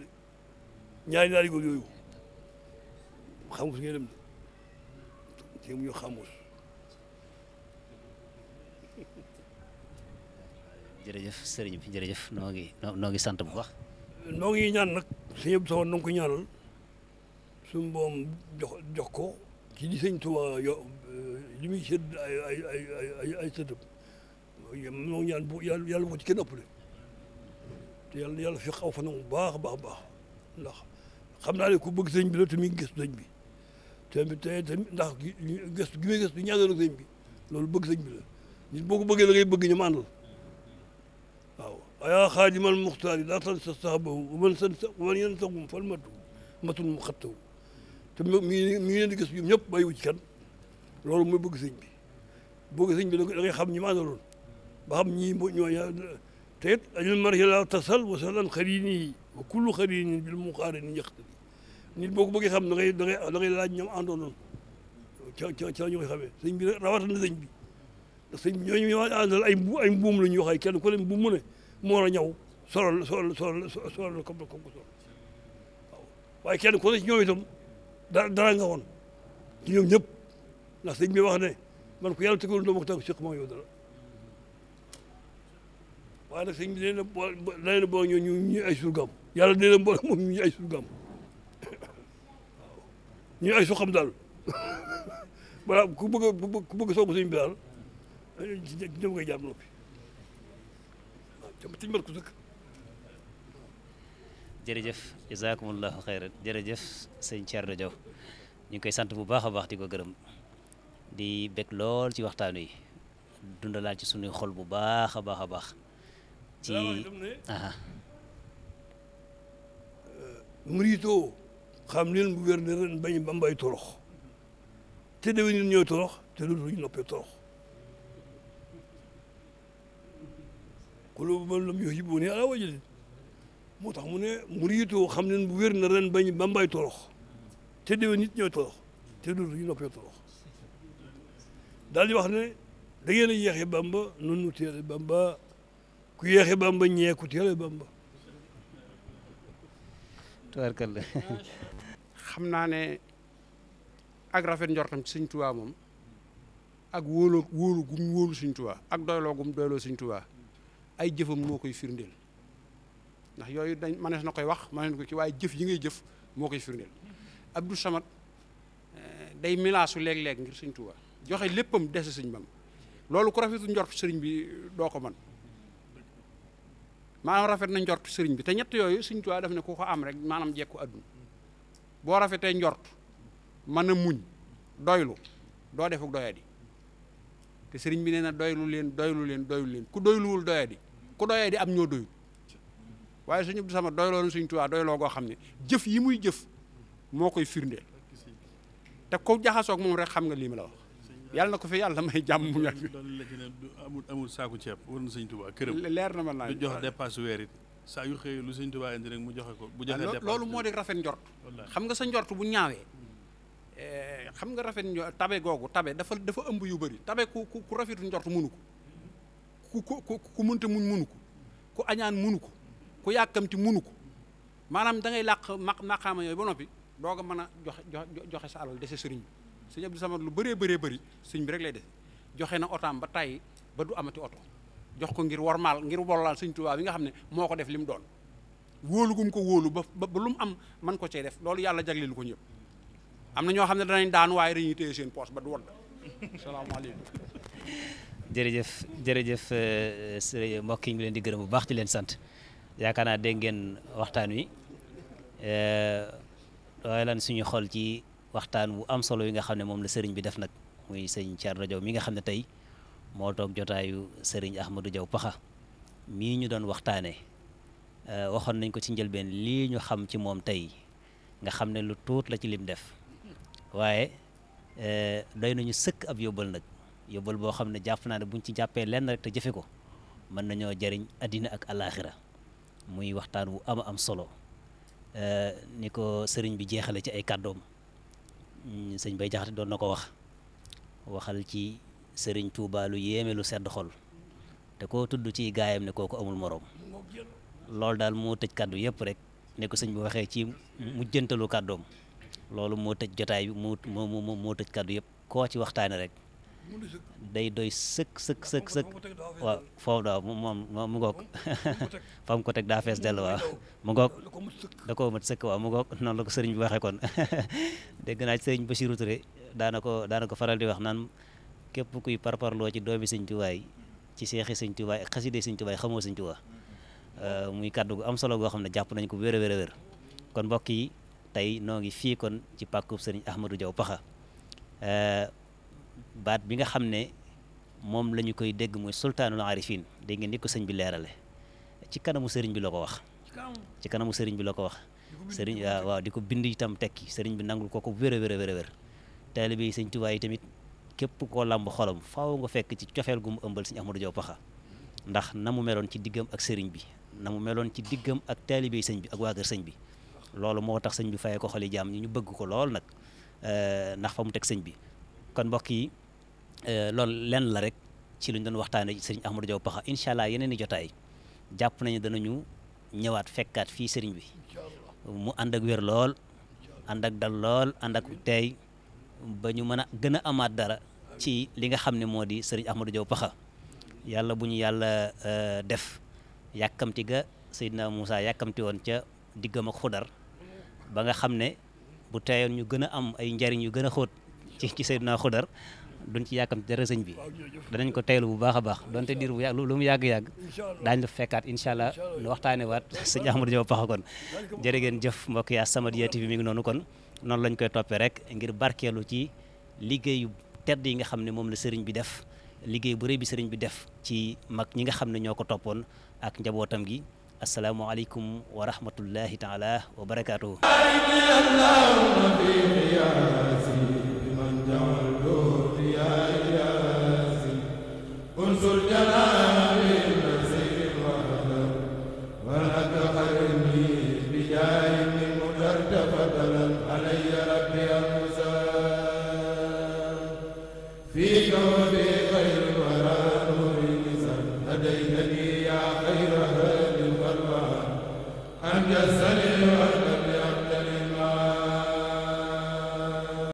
de di góor yooyu xamus ngeen dem de te mu ñu xamus jërëjëf sëriñ bi jërëjëf noo ngi sant bu baax noo ngi ñaan nag sëñ bi sawoon na nga ko ñaanal suñu boom jox ci li sëñ Tuubaa yo eh, li muy sedd ay ay ay ay ay sëtëm bu yàlla yàlla bu ko ci kenn ëppale te yàlla yàlla fiq aw fanam bu baax baax baax ndax xam naa ne ku bëgg sëñ bi la te mi ngi gëstu bi te te ndax gëstu gi may gëstu ñaanal ak sëñ bi loolu bëgg sëñ bi la nit boo ko bëggee la ngay bëgg ñu àndal waaw ayaa xaadimal muxtaari daa tan sa saxbahu man san man yan sagum fal matu matul mu xattawu te mu ngi leen di gis ñoom ñëpp bàyyiwu ci kan loolu mooy bëgg sëñ bi bëgg sëñ bi da ngay xam ñi ma àndaloon ba xam ñii mooy ñoo te it añul marhi la tasal wasalan xarini wa kullu xarini bil muqaarini yaxtali nit boo ko bëggee xam da ngay da laa da ngay laaj ñoom àndoonoon ca ca ca ñu koy xamee sëñ bi rawatina sëñ bi ndax sëñ bi ñooñu ñoo ay mbu ay mbuum la ñuy wax kenn ku ne mbuum mu ne moo la ñaw solal solal solal solal comme comme ko sol waaw waaye kenn ku ne dara dara nga woon ci ñoom ñëpp ndax sëñ bi wax ne man ko yàlla tëggoon doo ma ko tànk sëq maa yow dara waaye na boole na boole ñoo ñu ñu ay surgam yàlla nee na boole moom ay surgam waaw ñu ay su xam daal voilà ku bëgg ku bëgg soog sëñ bi daal ñoom ngay jaar noppi waaw ca tiñ mat jërëjëf jazakumullahu xayran jërëjëf sëñ Thierno ñu koy sant bu baax a baax ti ko gërëm di bég lool ci waxtaan wi dundalaat ci suñuy xol bu baax a baax a baax ci aa euh, muritoo xam leen bu wér ne ren bañ bambay torox te déwén ñun ñooy torox te dootuñu noppee torox xulóobu man lam yoo yiboo ne ala wajëlin moo tax mu ne muriitoo xam ne bu wér na ren bañ ba mbay torox te déwén nit ñooy torox te dootu ñu noppee torox daal di wax ne da ngeen a yeexe bamba nun nu téere bamba ku yeexe bamba ñee ku téere bamba tubaarkalla xam naa ne ak rafet njortam ci sëñ moom ak wóolu wóolu gum wóolu sëñ Tuubaa ak doyloo gum doyloo sëñ Tuubaa ay jëfam moo koy firndeel ndax yooyu dañ mënees na koy wax mënees na koy ci waaye jëf yi ngay jëf moo koy firndeel Abdou Samad eh, day milaasu léeg-léeg ngir sëñ Tuuba joxe léppam des sëñ bam loolu ku rafetu njort sëriñ bi doo ko mën maanaam rafet na njort sëriñ bi te ñett yooyu sëñ Tuuba daf ne ku ko am rek maanaam jekku àdduna boo rafetee njort mën a muñ doylu doo defuk doyadi te sëriñ bi nee na doylu leen doylu leen doylu leen ku doyluwul doyadi ku doyadi am ñoo doyul waaye sëñ Abdou Samad doyloo na sëñ Tuubaa doyloo goo xam ne jëf yi muy jëf moo koy firnde te ko jaxasoog moom rek xam nga lii ma la wax yàlla na ko fi yàlla may jàmm mu yàgg. amul saako ceeb war na sëñ Tuubaa këram. leer na ma naa du jox dépasse weer saa yu xëy lu sëñ Tuubaa rek mu joxe ko. bu joxe loolu moo di rafet njort. xam nga sa njort bu ñaawee. Eh, xam nga rafet njort tabe googu tabe dafa dafa ëmb yu bëri tabe ku ku ku rafetu njort ko ku ku ku mënta muñ munu ko ku añaan munu ko. ku yàkkamti munu ko maanaam da ngay làq maq maqaama yooyu ba noppi doog a mën a joxe joxe sa alal dese sëriñ bi sëñ Abdou Samad lu baree bëree bari sëñ bi rek lay dese joxe na otaam ba tàyyi ba du amati oto jox ko ngir wormaal ngir bollaal sëñ waa bi nga xam ne moo ko def li mu doon wóolu ko wóolu ba ba lu mu am man ko cee def loolu yàlla jagleelu ko ñëpp am na ñoo xam ne danañ daan waaye dañuy téye seen poos ba du wadd salaamaaleykum jërëjëf jërëjëf euh, mbokk yi ñu leen di gërëm bu baax di leen sant yaakaar naa dégg ngeen waxtaan wi eh, dooy lan suñu xol ci waxtaan wu am solo yi nga xam ne moom la sëriñ bi def nag muy sëriñ Thierno Diaw mi nga xam ne tey moo toog jotaayu sëriñ Ahmadou Diaw paxa mii ñu doon waxtaanee eh, waxoon nañ ko ci njëlbeen lii ñu xam ci moom tey nga xam ne lu tuut la ci lim def waaye eh, doy nañu sëkk ab yóbbal nag yóbbal boo xam ne jàpp naa ne buñ ci jàppee lenn rek te jëfe ko mën nañoo jariñ àddina ak alaaxira muy waxtaan wu am am solo euh, ni ko sëriñ bi jeexale ci ay kàddoom mm, sëñ bay jaxate doon na ko wax waxal ci sëriñ Touba lu yéeme lu sedd xol te koo tudd ci gaayam ne kooku amul moroom loolu daal moo tëj kàddu yëpp rek ne ko sëñ bi waxee ci mujjantalu kàddoom loolu moo tëj jotaay bi moo moo moo tëj kàddu yëpp koo ci waxtaane rek day doy sëkk sëkk sëkk sëkk waaw foofu daaw moom mu ngoog fa mu ko teg daa fees dellu waaw mu ngoog da koo mat sëkk waaw mu ngoog noonu la ko sëriñ bi waxee kon dégg naa ci sëriñ Bassirou Touré daana ko daana ko faral di wax naan képp kuy par loo ci doomi sëñ tubaay ci seexi sëñ tubaay ak xaside sëñ tubaay xamoo sëñ tubaa euh, muy kàddu gu am solo goo xam ne jàpp nañ ko wér a wér kon mbokk yi tey noo ngi fii kon ci pàkkub sëriñ Ahmadou Diaw Pakha euh, baat bi nga xam ne moom lañu koy dégg mooy sultaanul arifin dégg ngeen ni ko sëñ bi leerale ci kanamu sëriñ bi la ko wax ci kanamu sëriñ bi la ko wax sëriñ waaw di ko bind itam tekki sëriñ bi nangul ko ko wér a wér a wér a wér taalibe sëñ Tuubaa yi tamit képp koo làmb xolam faaw nga fekk ci cofeel gu mu ëmbal sëñ Ahmadou Diaw Pakha ndax na mu meloon ci diggam ak sëriñ bi na mu meloon ci diggam ak taalibe yi sëñ bi ak waa sëñ bi loolu moo tax sëñ bi fayee ko xoli jaam ñu bëgg ko lool nag eh, ndax fa mu teg sëñ bi kon mbokk yi euh, loolu lenn la rek ci luñ doon waxtaanee ci sëriñ Ahmadou Diaw Pakha incha allah yeneen i jotaay jàpp nañu ñu ñëwaat fekkaat fii sëriñ bi mu ànd ak wér lool ànd ak dal lool ànd ak tey ba ñu mën a gën a amaat dara ci li nga xam ne moo di sëriñ Ahmadou Diaw Pakha yàlla bu ñu yàlla euh, def yàkkamti ga na Moussa yàkkamti woon ca diggam ak xudar ba nga xam ne bu teyoon ñu gën a am ay njariñ yu gën a xóot ci ci Seydina Xudar duñ ci yàkkamti dara sëñ bi danañ ko teylu bu baax a baax donte diir bu yàgg lu mu yàgg-yàgg daañu la fekkaat incha allah nu waxtaane waat sëñ Ahmadou Diaw Pakha kon jërë ngeen jëf mbokk sama As-Samadiyya TV mi ngi noonu kon noonu lañ koy toppee rek ngir barkeelu ci liggéeyu tedd yi nga xam ne moom la sëriñ bi def liggéey bu rëy bi sëriñ bi def ci mag ñi nga xam ne ñoo ko toppoon ak njabootam gi asalaamualeykum wa rahmatullahi taala wa barakaatuhu انصر جلال